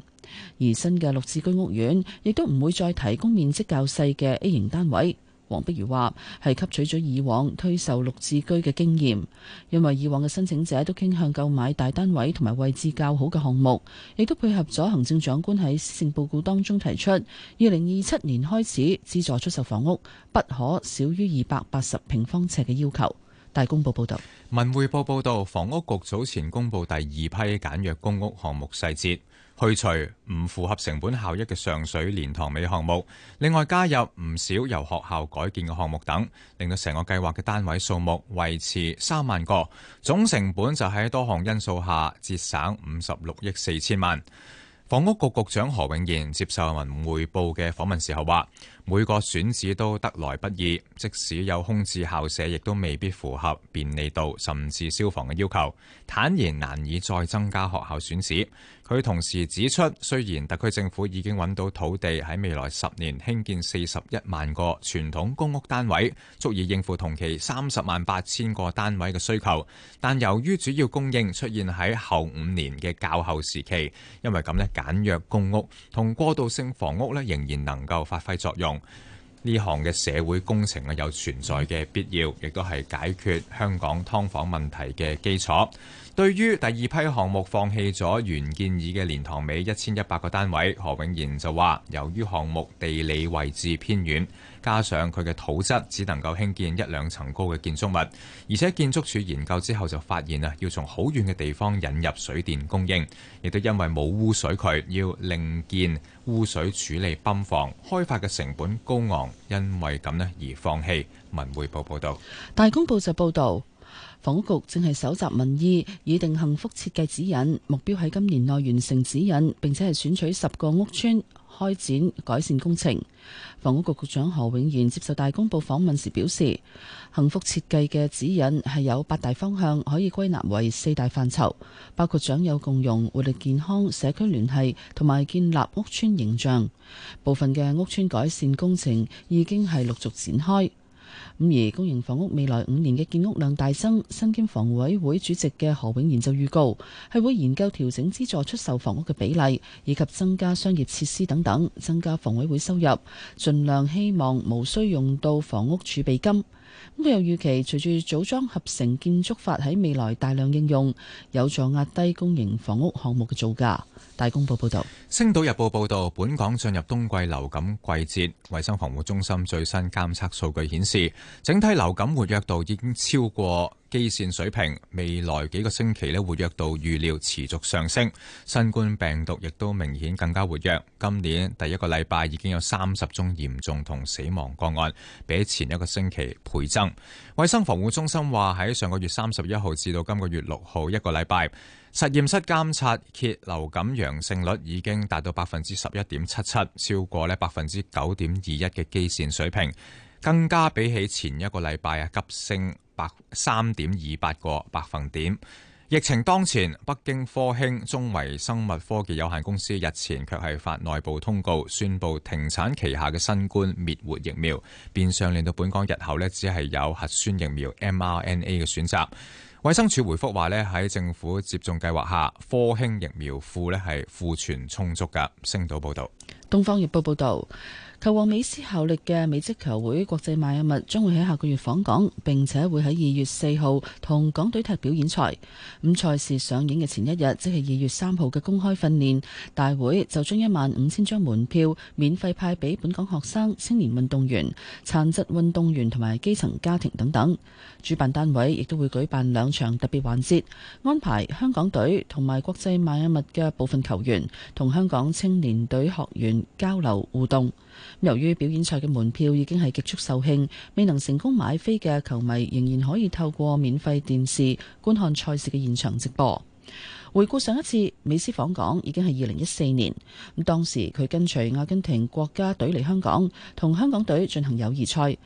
而新嘅綠置居屋苑亦都唔會再提供面積較細嘅 A 型單位。黃碧如話，係吸取咗以往推售綠置居嘅經驗，因為以往嘅申請者都傾向購買大單位同埋位置較好嘅項目，亦都配合咗行政長官喺施政報告當中提出，二零二七年開始資助出售房屋不可少於二百八十平方尺嘅要求。大公報報道，文匯報報道，房屋局早前公布第二批簡約公屋項目細節。去除唔符合成本效益嘅上水蓮塘尾項目，另外加入唔少由學校改建嘅項目等，令到成個計劃嘅單位數目維持三萬個，總成本就喺多項因素下節省五十六億四千萬。房屋局局長何永賢接受文匯報嘅訪問時候話。每個選址都得來不易，即使有空置校舍，亦都未必符合便利度甚至消防嘅要求。坦言難以再增加學校選址。佢同時指出，雖然特區政府已經揾到土地喺未來十年興建四十一萬個傳統公屋單位，足以應付同期三十萬八千個單位嘅需求，但由於主要供應出現喺後五年嘅較後時期，因為咁呢簡約公屋同過渡性房屋呢，仍然能夠發揮作用。呢項嘅社會工程咧，有存在嘅必要，亦都係解決香港劏房問題嘅基礎。對於第二批項目放棄咗原建議嘅蓮塘尾一千一百個單位，何永賢就話：由於項目地理位置偏遠。加上佢嘅土質，只能夠興建一兩層高嘅建築物，而且建築署研究之後就發現啊，要從好遠嘅地方引入水電供應，亦都因為冇污水渠，要另建污水處理泵房，開發嘅成本高昂，因為咁呢，而放棄。文匯報報道，大公報就報導，房屋局正係搜集民意，擬定幸福設計指引，目標喺今年內完成指引，並且係選取十個屋村。開展改善工程，房屋局局長何永賢接受大公報訪問時表示，幸福設計嘅指引係有八大方向，可以歸納為四大範疇，包括長幼共用、活力健康、社區聯繫同埋建立屋邨形象。部分嘅屋邨改善工程已經係陸續展開。咁而公營房屋未來五年嘅建屋量大增，身兼房委會主席嘅何永賢就預告係會研究調整資助出售房屋嘅比例，以及增加商業設施等等，增加房委會收入，盡量希望無需用到房屋儲備金。佢又預期，隨住組裝合成建築法喺未來大量應用，有助壓低公營房屋項目嘅造價。大公報報道，《星島日報》報道，本港進入冬季流感季節，衞生防護中心最新監測數據顯示，整體流感活躍度已經超過基線水平，未來幾個星期呢活躍度預料持續上升，新冠病毒亦都明顯更加活躍。今年第一個禮拜已經有三十宗嚴重同死亡個案，比前一個星期倍增。衛生防護中心話喺上個月三十一號至到今個月六號一個禮拜，實驗室監察嘅流感陽性率已經達到百分之十一點七七，超過呢百分之九點二一嘅基線水平，更加比起前一個禮拜啊急升。百三點二八個百分點。疫情當前，北京科興中維生物科技有限公司日前卻係發內部通告，宣布停產旗下嘅新冠滅活疫苗，變相令到本港日後咧只係有核酸疫苗 mRNA 嘅選擇。衛生署回覆話咧，喺政府接種計劃下，科興疫苗庫咧係庫存充足嘅。星島報道，東方日報報道。球王美斯效力嘅美職球會國際邁阿密將會喺下個月訪港，並且會喺二月四號同港隊踢表演賽。咁賽事上演嘅前一日，即係二月三號嘅公開訓練，大會就將一萬五千張門票免費派俾本港學生、青年運動員、殘疾運動員同埋基層家庭等等。主辦單位亦都會舉辦兩場特別環節，安排香港隊同埋國際邁阿密嘅部分球員同香港青年隊學員交流互動。由於表演賽嘅門票已經係極速售罄，未能成功買飛嘅球迷仍然可以透過免費電視觀看賽事嘅現場直播。回顧上一次美斯訪港已經係二零一四年，咁當時佢跟隨阿根廷國家隊嚟香港同香港隊進行友誼賽，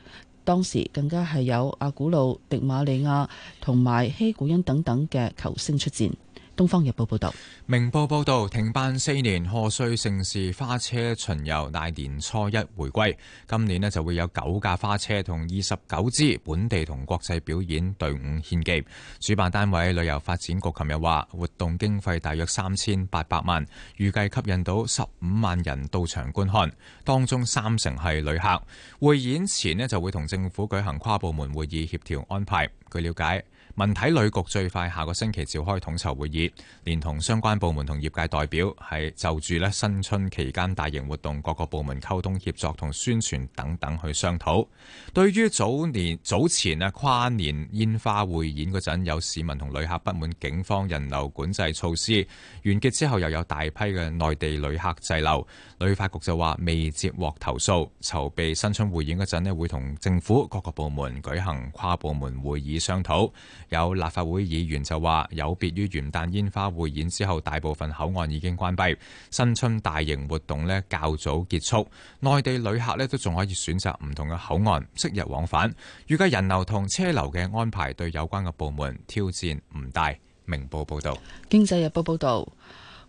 當時更加係有阿古路、迪馬利亞同埋希古恩等等嘅球星出戰。《東方日報》報道，明報報道，停辦四年賀歲盛事花車巡遊，大年初一回歸，今年咧就會有九架花車同二十九支本地同國際表演隊伍獻技。主辦單位旅遊發展局琴日話，活動經費大約三千八百萬，預計吸引到十五萬人到場觀看，當中三成係旅客。匯演前咧就會同政府舉行跨部門會議協調安排。據了解。文體旅局最快下個星期召開統籌會議，連同相關部門同業界代表係就住呢新春期間大型活動，各個部門溝通協作同宣傳等等去商討。對於早年早前啊跨年煙花匯演嗰陣，有市民同旅客不滿警方人流管制措施，完結之後又有大批嘅內地旅客滯留，旅發局就話未接獲投訴。籌備新春匯演嗰陣呢，會同政府各個部門舉行跨部門會議商討。有立法會議員就話：有別於元旦煙花匯演之後，大部分口岸已經關閉，新春大型活動咧較早結束，內地旅客咧都仲可以選擇唔同嘅口岸即日往返。預計人流同車流嘅安排對有關嘅部門挑戰唔大。明報報導，《經濟日報》報導，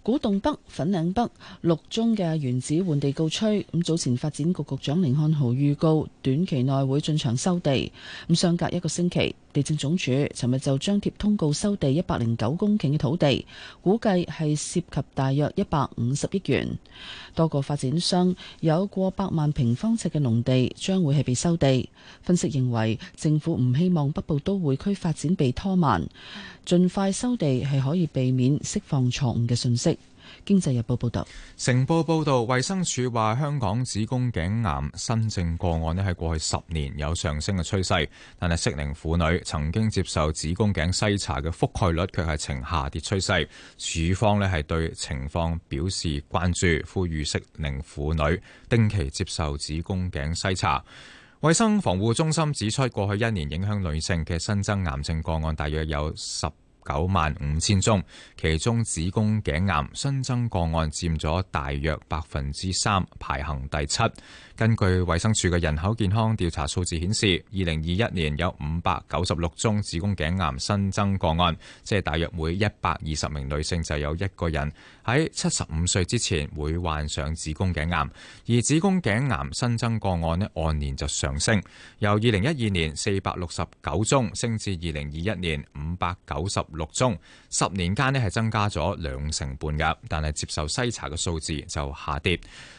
古洞北、粉嶺北、六中嘅原址換地告吹。咁早前發展局局長甯漢豪預告，短期內會進場收地。咁相隔一個星期。地政總署尋日就張貼通告收地，一百零九公頃嘅土地，估計係涉及大約一百五十億元。多個發展商有過百萬平方尺嘅農地將會係被收地。分析認為，政府唔希望北部都會區發展被拖慢，盡快收地係可以避免釋放錯誤嘅信息。經濟日報報道，成報報道，衛生署話香港子宮頸癌新症個案呢係過去十年有上升嘅趨勢，但係適齡婦女曾經接受子宮頸篩查嘅覆蓋率卻係呈下跌趨勢。署方呢係對情況表示關注，呼籲適齡婦女定期接受子宮頸篩查。衛生防護中心指出，過去一年影響女性嘅新增癌症個案大約有十。九萬五千宗，其中子宮頸癌新增個案占咗大約百分之三，排行第七。根據衛生署嘅人口健康調查數字顯示，二零二一年有五百九十六宗子宮頸癌新增個案，即係大約每一百二十名女性就有一個人喺七十五歲之前會患上子宮頸癌。而子宮頸癌新增個案呢，按年就上升，由二零一二年四百六十九宗升至二零二一年五百九十六宗，十年間呢，係增加咗兩成半噶。但係接受篩查嘅數字就下跌。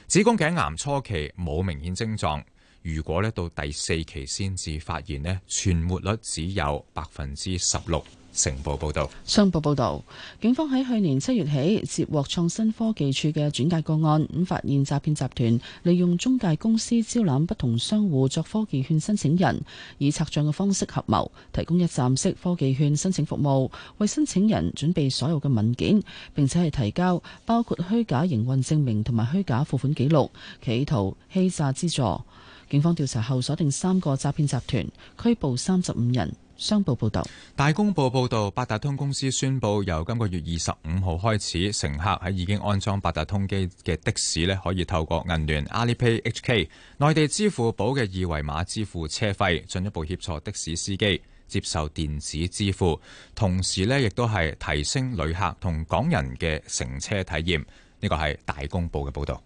子宮頸癌初期冇明顯症狀，如果咧到第四期先至發現咧，存活率只有百分之十六。成報報道，商報報道，警方喺去年七月起接獲創新科技處嘅轉介個案，咁發現詐騙集團利用中介公司招攬不同商戶作科技券申請人，以拆賬嘅方式合謀，提供一站式科技券申請服務，為申請人準備所有嘅文件，並且係提交包括虛假營運證明同埋虛假付款記錄，企圖欺詐資助。警方調查後鎖定三個詐騙集團，拘捕三十五人。商報報道，大公報報道，八達通公司宣布，由今個月二十五號開始，乘客喺已經安裝八達通機嘅的，的士咧，可以透過銀聯 Alipay HK、內地支付寶嘅二維碼支付車費，進一步協助的士司機接受電子支付，同時咧亦都係提升旅客同港人嘅乘車體驗。呢、這個係大公報嘅報道。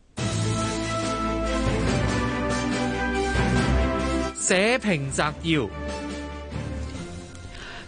社評擇要。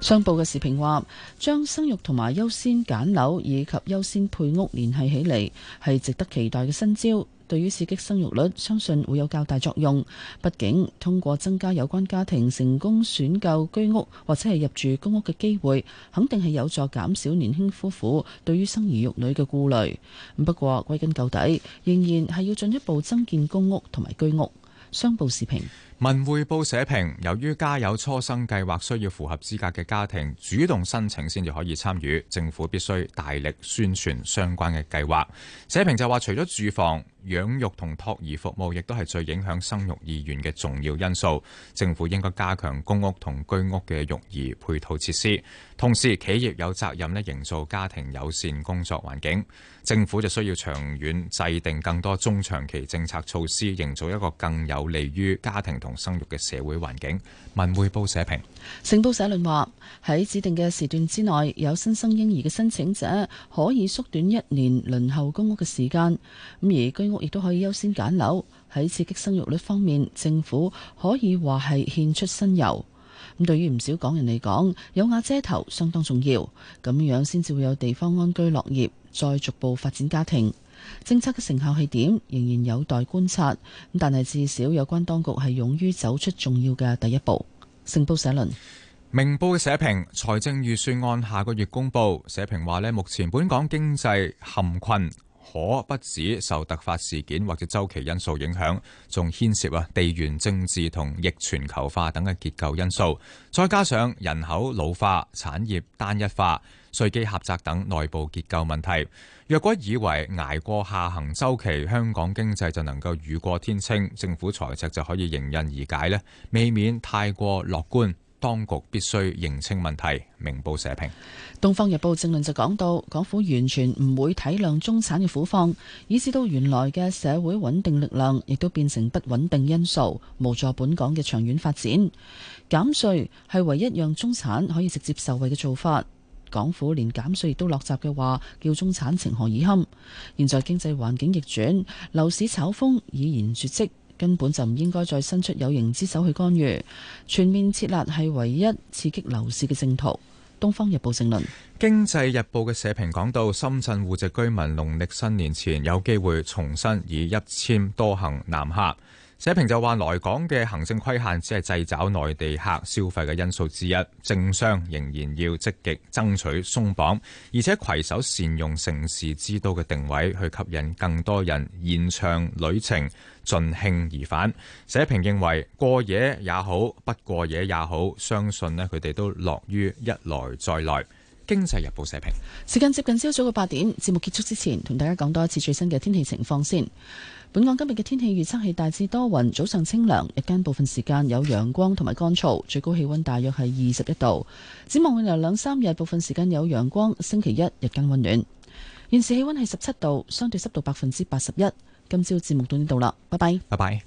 商報嘅時評話，將生育同埋優先揀樓以及優先配屋聯繫起嚟，係值得期待嘅新招，對於刺激生育率，相信會有較大作用。畢竟通過增加有關家庭成功選購居屋或者係入住公屋嘅機會，肯定係有助減少年輕夫婦對於生兒育女嘅顧慮。不過歸根究底，仍然係要進一步增建公屋同埋居屋。商報時評。文匯報社評：由於家有初生計劃需要符合資格嘅家庭主動申請先至可以參與，政府必須大力宣傳相關嘅計劃。社評就話，除咗住房、養育同托兒服務，亦都係最影響生育意願嘅重要因素。政府應該加強公屋同居屋嘅育兒配套設施，同時企業有責任咧營造家庭友善工作環境。政府就需要長遠製定更多中長期政策措施，營造一個更有利於家庭。同生育嘅社會環境，文匯報社評。成報社論話：喺指定嘅時段之內，有新生嬰兒嘅申請者可以縮短一年輪候公屋嘅時間。咁而居屋亦都可以優先揀樓。喺刺激生育率方面，政府可以話係獻出新猷。咁對於唔少港人嚟講，有瓦遮頭相當重要。咁樣先至會有地方安居樂業，再逐步發展家庭。政策嘅成效係點，仍然有待觀察。但係至少有關當局係勇於走出重要嘅第一步。成報社論，明報嘅社評，財政預算案下個月公布。社評話咧，目前本港經濟陷困，可不止受突發事件或者周期因素影響，仲牽涉啊地緣政治同逆全球化等嘅結構因素，再加上人口老化、產業單一化。稅基狹窄等內部結構問題。若果以為挨過下行周期，香港經濟就能夠雨過天青，政府財政就可以迎刃而解呢，未免太過樂觀。當局必須認清問題。明報社評，《東方日報》正論就講到，港府完全唔會體諒中產嘅苦況，以至到原來嘅社會穩定力量亦都變成不穩定因素，無助本港嘅長遠發展。減稅係唯一讓中產可以直接受惠嘅做法。港府連減稅都落閘嘅話，叫中產情何以堪？現在經濟環境逆轉，樓市炒風已然絕跡，根本就唔應該再伸出有形之手去干預。全面撤辣係唯一刺激樓市嘅正途。《東方日報》正論，《經濟日報》嘅社評講到，深圳戶籍居民農曆新年前有機會重新以一簽多行南下。社評就話，來港嘅行政規限只係掣肘內地客消費嘅因素之一，政商仍然要積極爭取鬆綁，而且攜手善用城市之都嘅定位，去吸引更多人延長旅程、盡興而返。社評認為，過夜也好，不過夜也好，相信咧佢哋都樂於一來再來。經濟日報社評，時間接近朝早嘅八點，節目結束之前，同大家講多一次最新嘅天氣情況先。本港今日嘅天氣預測係大致多雲，早上清涼，日間部分時間有陽光同埋乾燥，最高氣溫大約係二十一度。展望未來兩三日部分時間有陽光，星期一日間溫暖。現時氣溫係十七度，相對濕度百分之八十一。今朝節目到呢度啦，拜拜。拜拜。